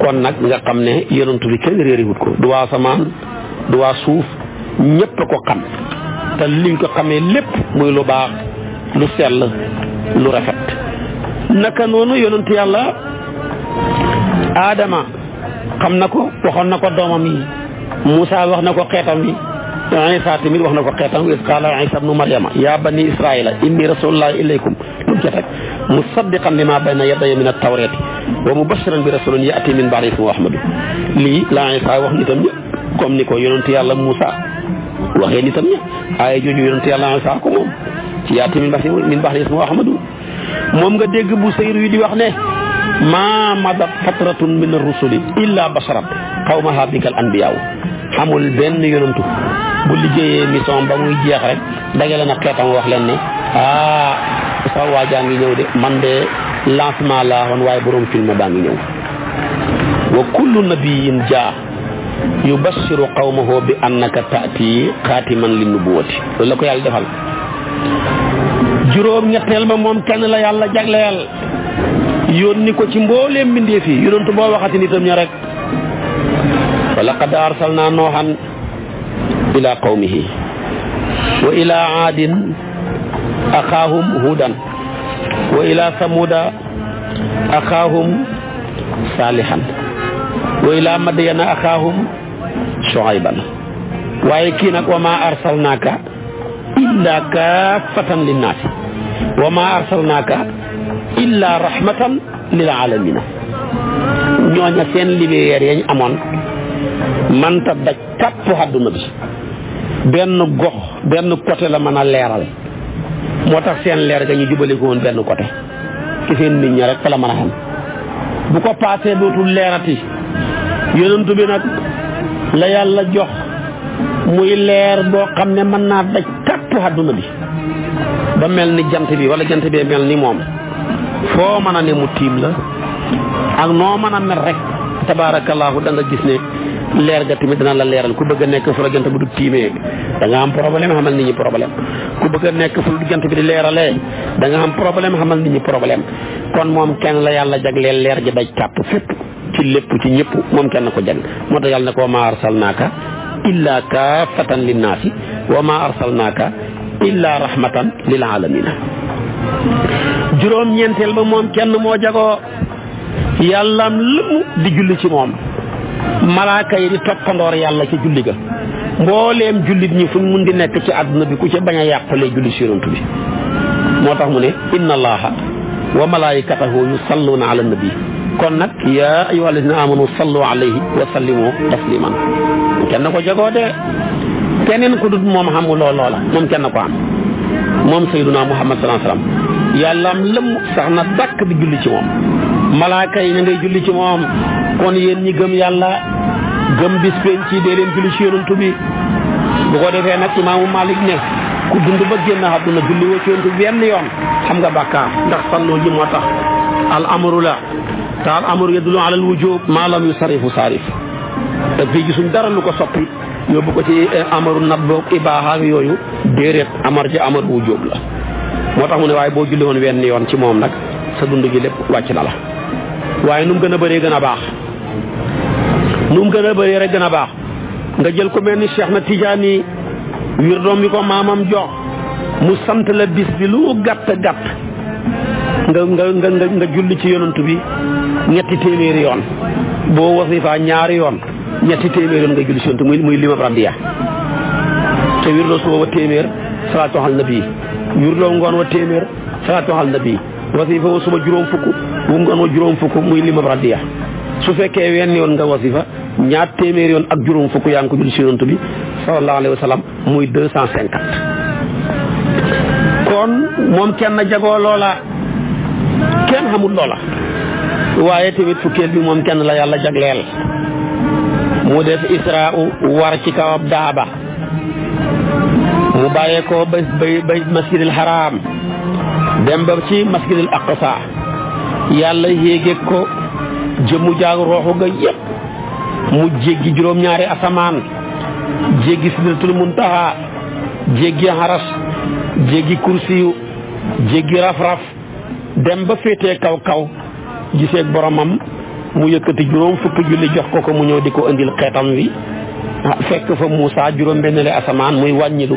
kon nag nga xam ne yonent bi kenn réeriwut ko du waa asamaan du waa suuf ñépp a ko xam te liñ ko xamee lépp muy lu baax lu sell lu rafet naka noonu yonent yàlla aadama xam na ko waxoon na ko doomam yi Moussa wax na ko xeetam yi Isa tamit wax na ko xeetam is qaala Isa bnu Maryama yaa bani Israila inni rasulullah ilaykum lu mu ca teg musaddiqan lima bayna yadayhi min at-tawrati wa mubashiran bi rasulin ya'ti min ba'di ismihi ahmadu lii la Isa wax nitam ñëpp comme ni ko yonent yàlla Moussa waxee nitam ñëpp aaya jooju yonent yàlla Isa ko moom ci ya'ti min ba'di ismihi ahmadu moom nga dégg bu sayru yi di wax ne ma madat fatratun min ar-rusuli illa basharat qawmaha bikal anbiyaaw xamul benn yonantu bu liggéeyee mission ba muy jeex rek dagale na xeetam wax leen ne ah sa waajaa ngi ñëw de man de lancement laa woon waaye borom film baa ngi ñëw wa kullu nabiyin jaa yubashiru qawmahu bi annaka taati xaatiman li nubuwati loolu la ko yàlla defal juróom ñetteel ba moom kenn la yàlla jagleel yónni ko ci mbooleem mbindeef fii yonentu boo waxati nitam ña rek wa laqad arsalna noohan ila qawmihi wa ila aadin axaahum huudan wa ila samuda axaahum saalihan wa ila madyana axaahum shuayban waaye kii nag wa ma arsalnaaka illa kaafatan linnaasi wa ma arsalnaaka illa rahmatan lil alamina ñooña seen liggéeyeer yañ amoon manta daj kàpp àdduna bi benn gox benn côté la mën a leeral moo tax seen leer ga ñu jubale benn côté ki seen nit ña rek fa la mën a xam bu ko paasee dootul leerati yonentu bi nag la yàlla jox muy leer boo xam ne mën naa daj kàttu àdduna bi ba mel ni jant bi wala jant bee mel ni moom foo mën a ne mu tiim la ak noo mën a mel rek tabaarakallaahu da gis ne leer ga tamit dana la leeral ku bëgg a nekk fu la jant bi du tiimee danga nga am problème xamal nit ñi problème ku bëgg a nekk fu la jant bi di leeralee danga nga am problème xamal nit ñi problème kon moom kenn la yàlla jagleel leer ji daj kàpp fépp ci lépp ci ñëpp moom kenn ko jag moo tax yàlla ne ko wa maa arsalnaaka illaa kaafatan linnaasi wa maa arsalnaaka illaa rahmatan lil aalamiina juróom ñeenteel ba moom kenn moo jagoo yàllaam lëmm di julli ci moom malaaka yi di toppandoor yàlla ci julli ga mbooleem jullit ñi fu mun di nekk ci àdduna bi ku ci bañ a yàqule julli si yonent bi moo tax mu ne inna allaha wa malaikatahu yusalluna ala nabi kon nag yaa ayyuha alladina amanu sallu alayhi wa sallimu tasliman kenn ko jagoo de keneen ku dut moom xamu loo loola moom kenn ko am moom sayyiduna muhammad sallallahu alayhi wa sallam yàlla am lëmm sax na dàkk di julli ci moom malaaka yi na ngay julli ci moom kon yéen ñi gëm yàlla gëm bis penc ci dee leen julli ci yonantu bi bu ko defee nag imaamu Malik ne ku dund ba génn na julli woo ci benn yoon xam nga bàkkaar ndax salloo ji moo tax al amaru la te al amru yadullu ala al wujub maa lam yu sarifu sarif te fii gisuñ ko soppi yóbbu ko ci eh, amaru nat boog ibaaha yooyu déeréet amar ji amar wujub la moo tax mu ne waaye boo julli woon wenn yoon ci moom nag sa dund gi lépp wàcc na la waaye nu mu gën a bëree gën a baax nu mu gën a bëree rek gën baax nga jël ko mel ni Cheikh na Tijaani wirdoom bi ko maamam jox mu sant la bis bi lu gàtt gàtt nga nga nga nga julli ci yonent bi ñetti téeméeri yoon boo wasifa ñaari yoon ñetti téeméeri yoon nga julli ci yonent muy muy limab rabbiya te wirdoo suba wa téeméer salaatu ala nabi wirdoo ngoon wa téeméer salaatu ala nabi wasifa wa suba juróom fukk bu ngoon wa juróom fukk muy limab rabbiya su fekkee wenn yoon nga wasifa ñaar téeméer yoon ak juróom fukk yaa ngi ko jul si yonent bi sallallahu alayhi wa sallam muy deux cent cinquante kon moom kenn jagoo loola kenn xamul loola waaye tamit fukkeel bi moom kenn la yàlla jagleel mu def isra war ci kawam daaba mu bàyyee ko ba ba masjidil haram dem ba ci masjidil aqsa yàlla yéege ko jëmmu jaag rooxu ga yépp mu jéggi juróom-ñaari asamaan jéggi sidratul muntaha jéggi haras jéggi kursiyu jéggi raf dem ba féetee kaw kaw giseeg boromam mu yëkkati juróom fukki julli jox ko ko mu ñëw di ko indil xeetam wi fekk fa Moussa juróom benneele asamaan muy wàññilu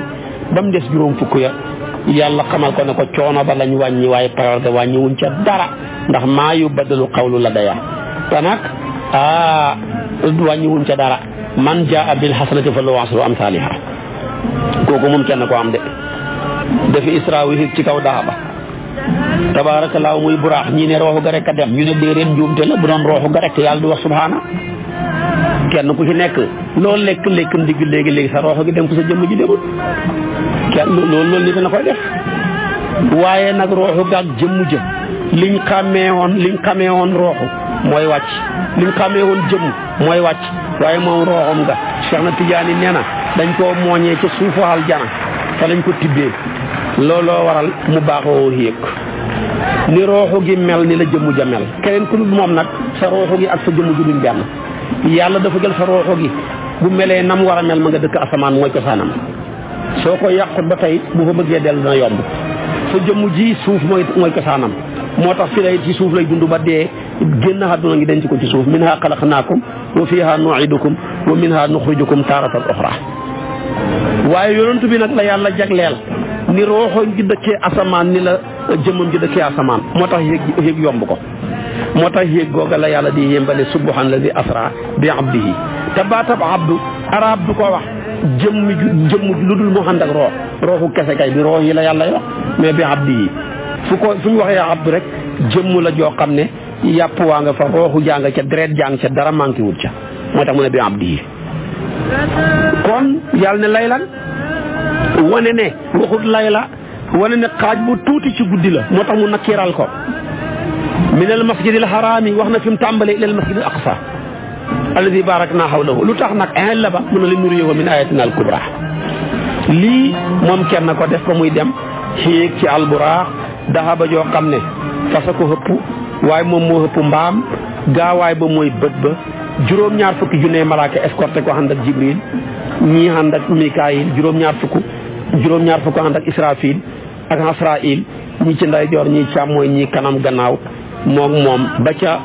ba mu des juróom fukk ya yàlla xamal ko ne ko coono ba lañ wàññi waaye parar ga wàññi wuñ ca dara ndax maa yu badalu xawlu la daya te nag ah wàññiwuñ ca dara man jaa bil hasanati fa lahu asru amsaaliha kooku moom kenn koo am de dafi isra wi ci kaw daaba tabaarakallaahu muy buraax ñi ne rooxu ga rek a dem ñu ne déedéet njuumte la bu doon rooxu ga rek yàlla du wax subhaana kenn ku ci nekk loolu lekk lekk ndigg léegi léegi sa rooxu gi dem ko sa jëmm ji demul kenn loolu loolu nit na koy def waaye nag rooxu gaag jëmm jëm liñ xamee woon liñ xamee woon rooxu mooy wàcc liñ xamee woon jëmm mooy wàcc waaye moom rooxam nga Cheikh na Tidiane nee na dañ koo mooñee ca suufu aljana fa lañ ko tibbee looloo waral mu baaxoo yéeg ni rooxu gi mel ni la jëmmu ja mel keneen ku moom nag sa rooxu gi ak sa jëmmu ju duñ benn yàlla dafa jël sa rooxu gi bu melee nam war a mel ma nga dëkk asamaan mooy cosaanam soo ko yàqut ba tey bu fa bëggee dellu dina yomb sa jëmmu ji suuf mooy mooy cosaanam moo tax fi lay ci suuf lay génn àdduna ngi denc ko ci suuf minha xalaqnaakum wa fiha nuidukum wa minha nuxrijukum taaratan oxra waaye yonentu bi nag la yàlla jagleel ni rooxoon gi dëkkee asamaan ni la jëmmam gi dëkkee asamaan moo tax yéeg yéeg yomb ko moo tax yéeg googa la yàlla di yembale subhaan la di asra bi abdihi te baatab abdu arab du ko wax jëmm jëmm lu dul mu ànd ak roox rooxu kese kay bi roox yi la yàlla wax mais bi abdihi fu ko fu ñu waxee abdu rek jëmm joo xam ne yàpp waa nga fa rooxu jàng ca deret jàng ca dara manqué wut ca moo tax mu ne bi abdi yi kon yàlla ne laylan wane ne waxut layla wane ne xaaj bu tuuti ci guddi la moo tax mu nakkiral ko min al masjidil harami wax na fi mu tàmbalee ila al masjidil aqsa alladi barak naa xawlahu lu tax nag in la mun a li nuriyahu min ayatina al kubra lii moom kenn ko def ba muy dem xiig ci alburaax daxa ba joo xam ne fasa ko hëpp waaye moom moo ëpp mbaam gaawaay ba mooy bët ba juróom-ñaar fukki junne malaaka escorté ko ànd ak jibril ñii ànd ak mikaayil juróom-ñaar fukk juróom-ñaar fukk ànd ak israfil ak asrail ñi ci ndeyjoor ñi càmmooy ñi kanam gannaaw moom moom ba ca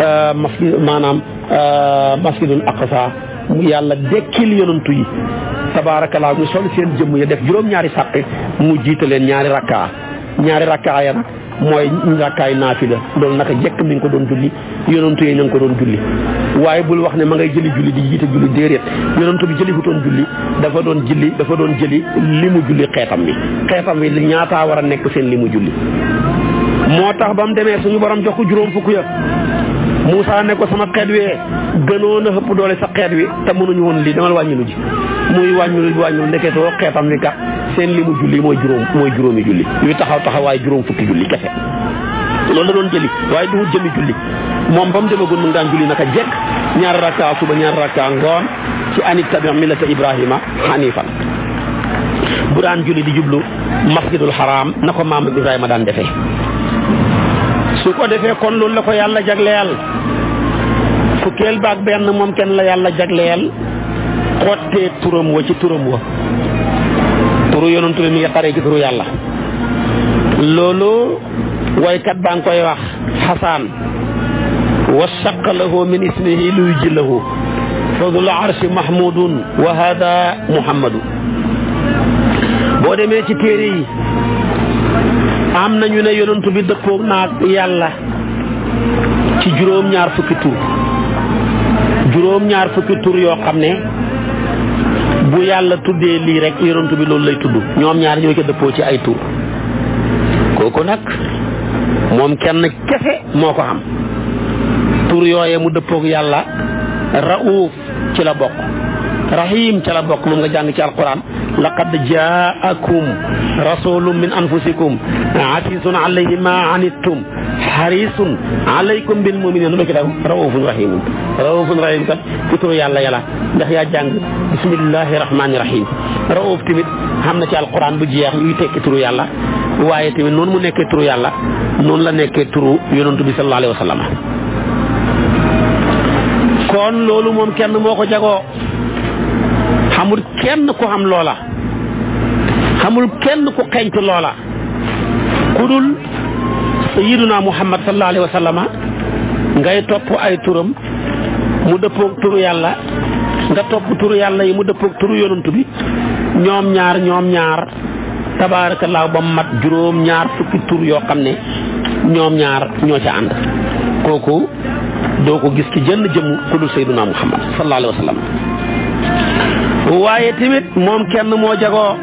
euh, masjid maanaam euh, masjidul aqsa yàlla dekkil yonantu yi tabaarakallaa ñu sol seen jëmm ya def juróom-ñaari sàq mu jiite leen ñaari rakkaa ñaari rakkaa ya nag mooy rakkaay la loolu naka jekk mi ngi ko doon julli yonantu yi ko doon julli waaye bul wax ne ma ngay jëli julli di jiite julli déedéet yonantu bi jëli fu doon julli dafa doon julli dafa doon jëli li mu julli xeetam bi xeetam bi ñaataa war a nekk seen li mu julli moo tax ba mu demee suñu borom jox ko juróom fukk ya Moussa ne ko sama xeet wee gënoon a ëpp doole sa xeet wi te mënuñu woon lii damal wàññilu ji muy wàññilu ji wàññilu ndeketoo xeetam wi kat seen li mu julli mooy juróom mooy juróomi julli yu taxaw taxawaay juróom fukki julli kese loolu la doon jëli waaye du jëmi julli moom ba mu demagoon mu ngi daan julli naka jekk ñaar rakka suba ñaar rakka ngoon ci ani tabi millata Ibrahima hanifan bu daan julli di jublu masjidul haram na ko maam Ibrahima daan defee su ko defee kon loolu la ko yàlla jagleel fukkeel baag benn moom kenn la yàlla jagleel xottee turam wa ci turam wa turu yonantu bi mi ngi xaree ci turu yàlla loolu waykat baa ngi koy wax xasaan wasaq lahu min ismihi luy ji lahu fadul arshi mahmudun wa hada muhammadu boo demee ci téere yi am nañu ne yonantu bi dëppoo naag yàlla ci juróom ñaar fukki tur juróom ñaar fukki tur yoo xam ne bu yàlla tuddee lii rek yonantu bi lool lay tudd ñoom ñaar ñoo ko dëppoo ci ay tur kooku nag moom kenn kese moo ko xam tur yooye mu dëppook yàlla ra'uuf ci la bokk rahim ca la bokk moom nga jàng ci alquran laqad jaakum rasulun min anfusikum asisun alayhi ma anittum harisun alaykum bil muminina nu doki taw raufun rahimun raufun rahim kat ci turu yàlla yàlla ndax yaa jàng bismillahi rahmani rahim rauf tamit xam na ci alquran bu jeex yuy tekki turu yàlla waaye tamit noonu mu nekkee turu yàlla noonu la nekkee turu yonantu bi sallallahu alayhi wa sallam kon loolu moom kenn moo ko jagoo xamul kenn ku xam loola xamul kenn ku xeeñtu loola ku dul sayyiduna muhammad sallallahu alayhi ngay topp ay turam mu dëppoog turu yàlla nga topp turu yàlla yi mu dëppoog turu yonantu bi ñoom ñaar ñoom ñaar tabaarakallaahu ba mat juróom ñaar fukki tur yoo xam ne ñoom ñaar ñoo ca ànd kooku doo ko gis ci jënn jëmm ku dul sayyiduna muhammad sallallahu alayhi waaye tamit moom kenn moo jagoo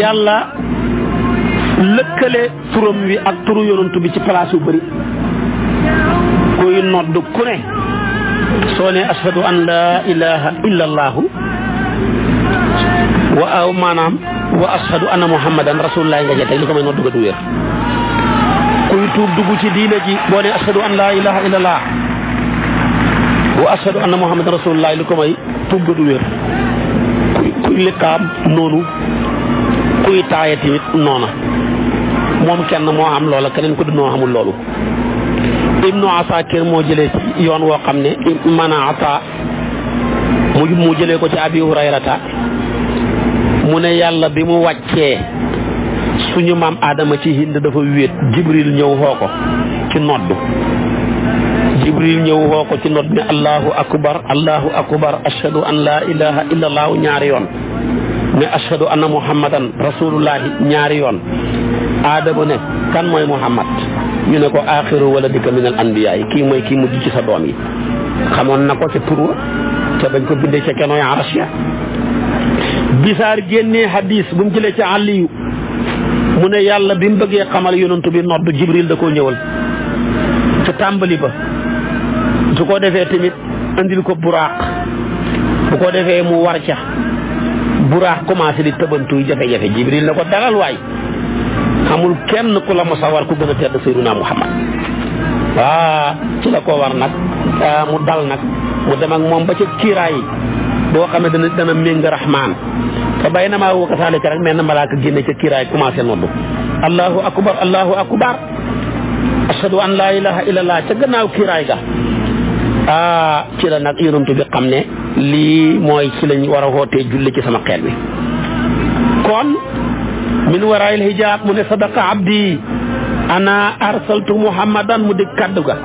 yàlla lëkkale turam wi ak turu yonantu bi ci place yu bëri kuy nodd ku ne soo ne ashadu an laa ilaha illa allahu wa aw maanaam wa ashadu anna muhammadan rasulullah nga jee teg li ko may nodd ko du wér kuy tuub dugg ci diine ji boo ne ashadu an laa ilaha illa wa ashadu anna muhammadan rasulullah li ko may pumba du wér kuy kuy likkaam noonu kuy taaya noona moom kenn moo am loola keneen ku du noo xamul loolu ibnu moo jëlee ci yoon woo xam ne man a ata mu mu jëlee ko ci abi hurayrata mu ne yàlla bi mu wàccee suñu maam aadama ci hind dafa wéet jibril ñëw xoo ko ci noddu jibril ñëw woo ko ci noot mi allahu akbar allahu akbar ashhadu an laa ilaha illa allahu ñaari yoon ne ashhadu anna muhammadan rasulullahi ñaari yoon aadama ne kan mooy muhammad ñu ne ko axiru waladika min al anbiya kii mooy kii mujj ci sa doom yi xamoon na ko ci tur te bañ ko bindee ca kenooy arasya bisaar génnee hadis bu mu jëlee ci àlliyu mu ne yàlla bi mu bëggee xamal yonantu bi nodd jibril da koo ñëwal te tàmbali ba su ko defee tamit andil ko buraaq bu ko defee mu war ca buraaq commencé di tëbantuy jafe-jafe jibril na ko dalal waay amul kenn ku la mos a war ku gën a tedd muhammad waa ci la ko war nag ah, mu dal nag mu dem ak moom ba ca kiiraay boo xam ne dana dana méng rahmaan te bay na maa woo kasaalika rek mel na malaaka génne ca kiiraay commencé noddu allahu akbar allahu akbar ashhadu an laa ilaha illallah ca gannaaw kiiraay ga ah ci la nag yonent bi xam ne lii mooy ci lañ war a wootee julli ci sama xel bi kon min waraayil hijaab mu ne sadaqa abdi ana arsaltu muhammadan mu dégg kàddu ga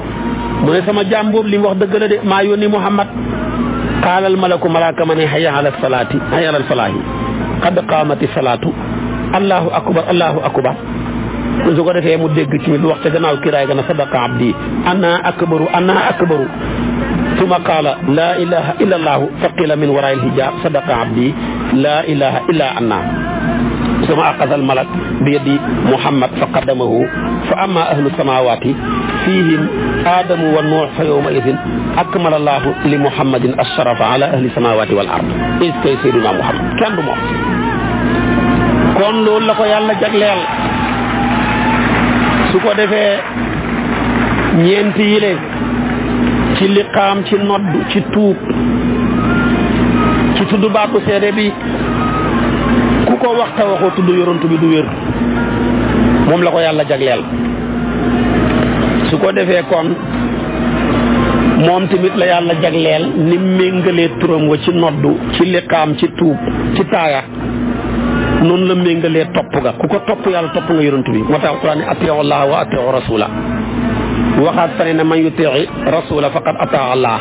mu ne sama jaam boobu li mu wax dëgga la de maa yónni muhammad qaala al malaku malaaka ma ne hayya ala salaati hayya ala salaahi qad qaamati salaatu allahu akbar allahu akbar su ko defee mu dégg ci mi lu wax ca gannaaw kiraay gana sadaqa abdi ana akbaru ana akbaru suma qaala laa ilaha illa allahu faqila min waraay alhijab sadaqa abdi laa ilaha illa anna suma aqada almalak bi yadi muhammad fa qaddamahu fa amma ahlu samawati fihim adamu wa nuux fa yowma idin akmala allahu li muhammadin asharafa ala ahli samawati wal ard is kay seyduna muhammad kenn du moom kon loolu la ko yàlla jagleel su ko defee ñeenti yile ci liqaam ci nodd ci tuub ci tudd baatu seede bi ku ko waxta waxoo tudd yorontu bi du wér moom la ko yàlla jagleel su ko defee kon moom tamit la yàlla jagleel ni méngalee turam wa ci noddu ci liqaam ci tuub ci taaya noonu la méngalee topp ga ku ko topp yàlla topp nga yonent bi moo tax alquran ne atiu allah wa atiu rasula waxaat fane ne man yutii rasula faqad ataa allah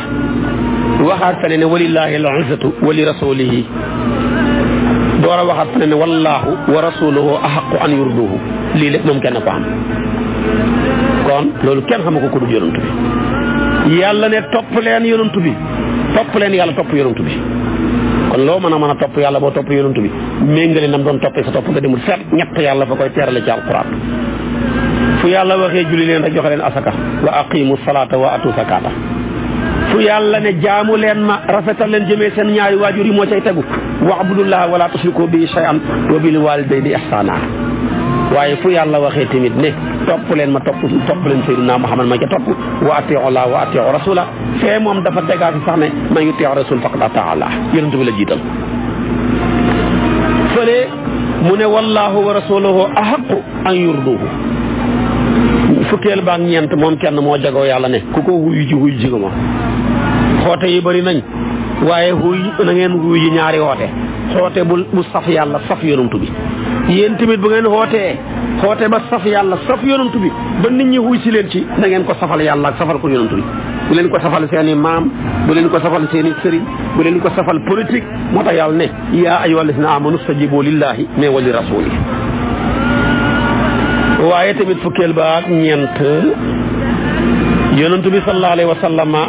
waxaat fane wa li a waxaat fane ne wallahu wa rasuluhu ahaqu lii lépp moom kenn ko am kon loolu kenn xama ko ku dul yonent bi yàlla ne topp leen yonent bi topp leen yàlla topp yonent bi kon loo mën a mën topp yàlla boo topp yonent bi méngale nam doon toppee sa topp nga demul fet ñett yàlla fa koy teerale ci alquran fu yàlla waxee julli leen rek joxe leen asaka wa aqimu salata wa atu sakata fu yàlla ne jaamu leen ma rafetal leen jëmee seen ñaari waajur yi moo cay tegu wa abdullah wala tushriku bi shay'an wa bil walidayni ihsana waaye fu yàlla waxee tamit ne topp leen ma topp topp leen Seydina Muhammad ma ca topp wa atiiu laa wa atiiu fee moom dafa tegaa fi sax ne maa ngi teew rasul faqad ataa Allah yonent bi la jiital fële mu ne wallahu wa a ahaqu an yurduhu fukkeel baak ñeent moom kenn moo jagoo yàlla ne ku ko wuyu ji wuyu ji ma xoote yi bëri nañ waaye wuyu na ngeen wuyu ji ñaari woote xoote bu bu saf yàlla saf yonent bi yéen tamit bu ngeen xootee xoote ba saf yàlla saf yonantu bi ba nit ñi wuy si leen ci na ngeen ko safal yàlla ak safal ko yonantu bi bu leen ko safal seeni maam bu leen ko safal seen i sëriñ bu leen ko safal politique moo tax yàlla ne yaa ayyuhal lazina amanu stajibu lillahi mais wa li rasuli waaye tamit fukkeel ba ak ñeent yonantu bi sallallahu alayhi wa sallama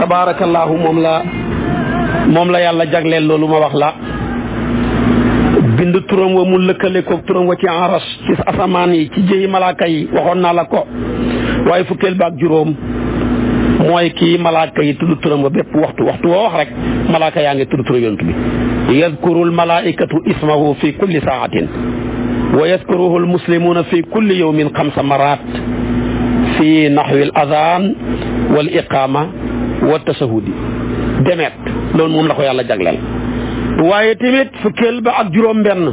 tabarakallahu moom la moom la yàlla jagleel loolu ma wax la bind turam wa mu lëkkale ko turam wa ci aras ci asamaan yi ci jëyi malaaka yi waxoon naa la ko waaye fukkeel ba ak juróom mooy kii malaaka yi tudd turam wa bépp waxtu waxtu woo wax rek malaaka yaa ngi tudd turam yonent bi yadkuru almalaikatu ismahu fi kulli saatin wa yadkuruhu almuslimuuna fi kulli yawmin xamsa marat fi naxwi al adaan wal iqaama wa tasahudi demet loolu moom la ko yàlla jagleel waaye tamit fukkeel ba ak juróom-benn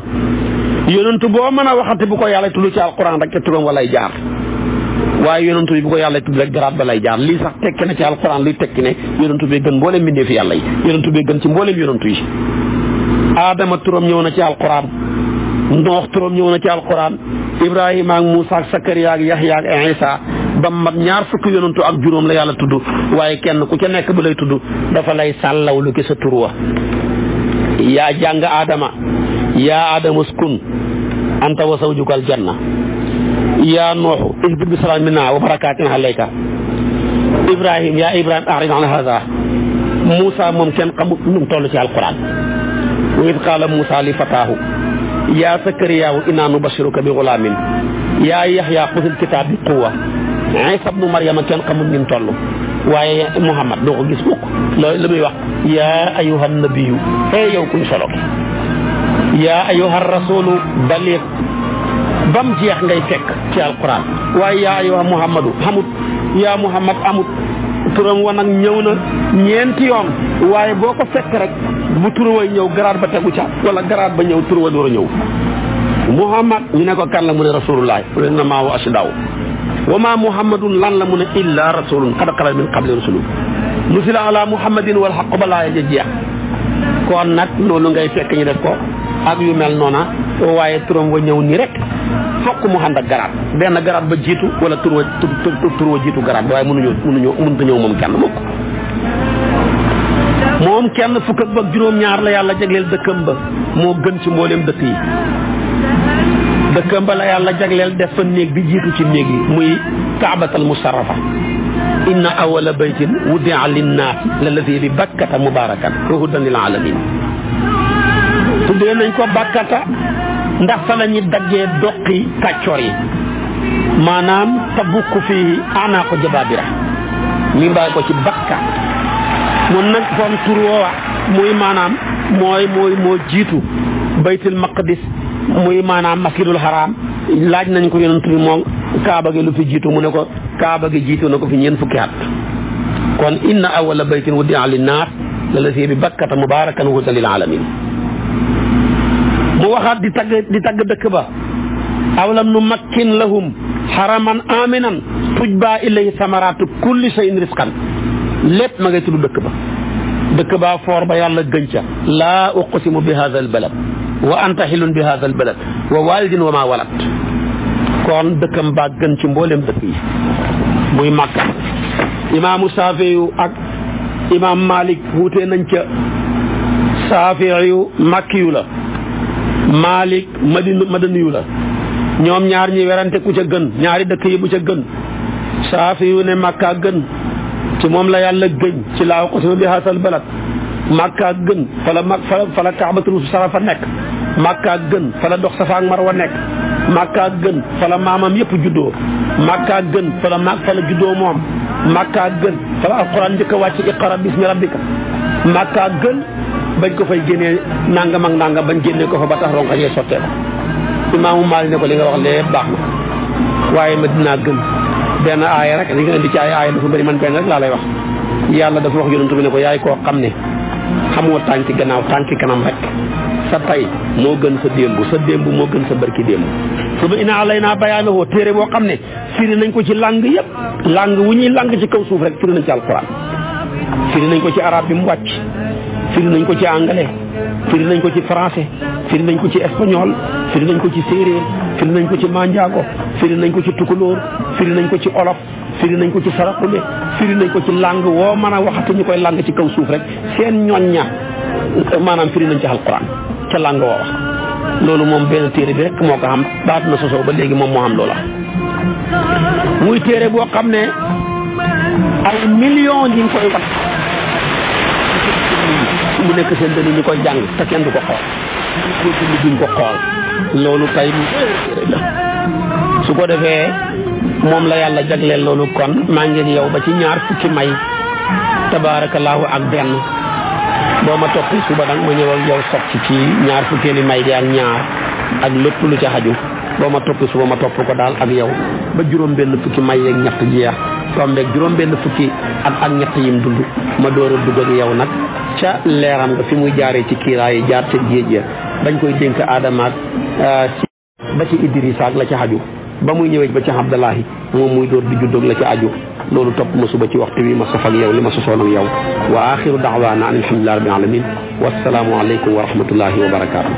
yonentu boo mën a waxati bu ko yàlla tudd ci alquran rek ca turam walay jaar waaye yonentu bi bu ko yàlla tudd rek ba lay jaar lii sax tekki na ci alquran luy tekki ne yonentu bee gën mbooleem mbindee fi yàlla yi yonentu bee gën ci mbooleem yonentu yi aadama turam ñëw na ci alquran noox turam ñëw na ci alquran ibrahima ak moussa ak sakariya ak yahya ak isa ba mat ñaar fukki yonantu ak juróom la yàlla tudd waaye kenn ku ca nekk ba lay tudd dafa lay sàllawlu ki sa yaa jàng Adama yaa Adama uskun anta wa zawjuka aljanna yaa Nuuxu isbir bi salaam minna wa barakaatin alayka Ibrahim yaa Ibrahim a'rid an haza Moussa moom kenn xamut nu mu toll ci alquran wa id qaala Moussa li fataahu yaa Zakariyaawu innaa nubashiruka bi gulaamin yaa Yaxya xuzil kitaab bi quwwa Iisa bnu Maryama kenn xamut ni mu toll. waaye Muhammad doo ko gis mukk loolu la muy wax yaa ayuha nabiyu ee yow kuñ solo yaa ayuha rasulu baliq bam jeex ngay fekk ci alquran waaye yaa ayuha muhammadu amut yaa muhammad amut turam wa nag ñëw na ñeenti yoon waaye boo ko fekk rek bu turaway ñëw garaat ba tegu ca wala garaat ba ñëw turawa door a ñëw muhammad ñu ne ko kan la mu ne rasulullah len na maawo asdaw wa ma muhammadun lan la mun a illa rasulun qad xalat min qabli rasulun nusila alaa muhammadin wal xaqu balaa ja jeex kon nag loolu ngay fekk ñu def ko ak yu mel noona waaye turam wa ñëw nii rek fokk mu ànd ak benn garab ba jiitu wala tur wa tur wa jiitu garaat waaye mënuñoo mënuñoo mënut a ñëw moom kenn mukk moom kenn fukk ak juróom-ñaar la yàlla jagleel dëkkam ba moo gën ci mbooleem dëkk yi dëkkam ba yàlla jagleel def fa néeg bi jiitu ci néeg yi muy kaabatal musarrafa inna awala baytin wudia linnaasi lalladi bi bakkata mubarakan wa hudan lil alamin tuddee nañ ko bakkata ndax fa la ñuy doqi kàccoor yi maanaam tabukku fii aanaa ko jabaabira ñu bàyyi ko ci bakka moom nag fam tur muy maanaam mooy mooy moo jiitu baytul maqdis muy maanaam masjidul haram laaj nañ ko yonent bi moom kaaba gi lu fi jiitu mu ne ko kaaba gi jiitu na ko fi ñeent fukki at kon inna awala baytin wudia linnaas lalazi bi bakkata mubarakan hudan lil alamin mu waxaat di tagg di tagg dëkk ba awlam nu makkin lahum haraman aminan tujba ilayhi samaratu kulli shay'in risqan lépp ma ngay tudd dëkk ba dëkk baa foor ba yàlla gënca laa uqsimu bi hadha al balad wa anta xilun bi haadal balad wa walidin wa maa walad kon dëkkam baa gën ci mboolem dëkk yi muy Makka imaamu Saafiyu ak imaam Malik wuute nañ ca Saafiyu Makkiyu la Malik Madin Madaniyu la ñoom ñaar ñi werante ku gën ñaari dëkk yi bu ca gën Saafiyu ne Makka gën ci moom la yàlla gëñ ci laa uqsimu bi haadal balad màkkaa gën fala ma fala fala kaabatul sarafa nekk makka gën fala dox safa mar wa nekk màkkaa gën fala maamam yëpp juddoo màkkaa gën fala ma fala juddoo moom màkkaa gën fala alquran njëkk a wàcc iqra bismi ka màkkaa gën bañ ko fay génnee nangam ak nangam bañ génnee ko fa ba tax ronka yee sottee ko imaamu maali ne ko li nga wax lépp baax na waaye ma dinaa gën benn aaya rek li nga indi ci ay aaya dafa bëri man benn rek laa lay wax wax yonent bi ne ko yaay koo xam ne xamoo tànki gannaaw tànki kanam rek sa tay moo gën sa démb sa démb moo gën sa barki démb suma ina alaynaa bayaanahu téere boo xam ne firi nañ ko ci lang yëpp lang wu ñuy lang ci kaw suuf rek firi nañ ci alquran firi nañ ko ci arab bi mu wàcc firi nañ ko ci anglais firi nañ ko ci français firi nañ ko ci espagnol firi nañ ko ci séeréer firi nañ ko ci manjaago firi nañ ko ci tukulóor firi nañ ko ci olof firi nañ ko ci sarakule firi nañ ko ci làng woo mën a waxati ñu koy làng ci kaw suuf rek seen ñoñ ña maanaam firi nañ ci alquran ca làng woo loolu moom benn téere bi rek moo ko xam baat na sosoo ba léegi moom moo xam loola muy téere boo xam ne ay millions yi koy wat mu nekk seen dënn ñu koy jàng te kenn du ko ko duñ ko xool loolu tay su ko defee moom la yàlla jagleel loolu kon maa ngi yow ba ci ñaar fukki may tabaarakallaahu ak benn boo ma toppee suba nag ma ñëw ak yow ci ci ñaar fukkeeli may gi ak ñaar ak lépp lu ca xaju boo ma toppee suba ma topp ko daal ak yow ba juróom benn fukki may yeeg ñett jeex tombeeg juróom benn fukki ak ñett yim dund ma door a dugg ak yow nag ca leeram nga fi muy jaaree ci kiiraay jaar ca géej bañ koy dénk aadamaak euh, ba ci Idrissa ak la ca xaju ba muy ñëwee ba ci Abdallahi moom muy door di juddoog la ca aju loolu topp ma suba ci waxtu wi ma saf ak yow li ma sosoon ak yow wa axiru daawaana an alhamdulillahi rabbil alamin wassalaamu aleykum wa rahmatullahi wa barakaatu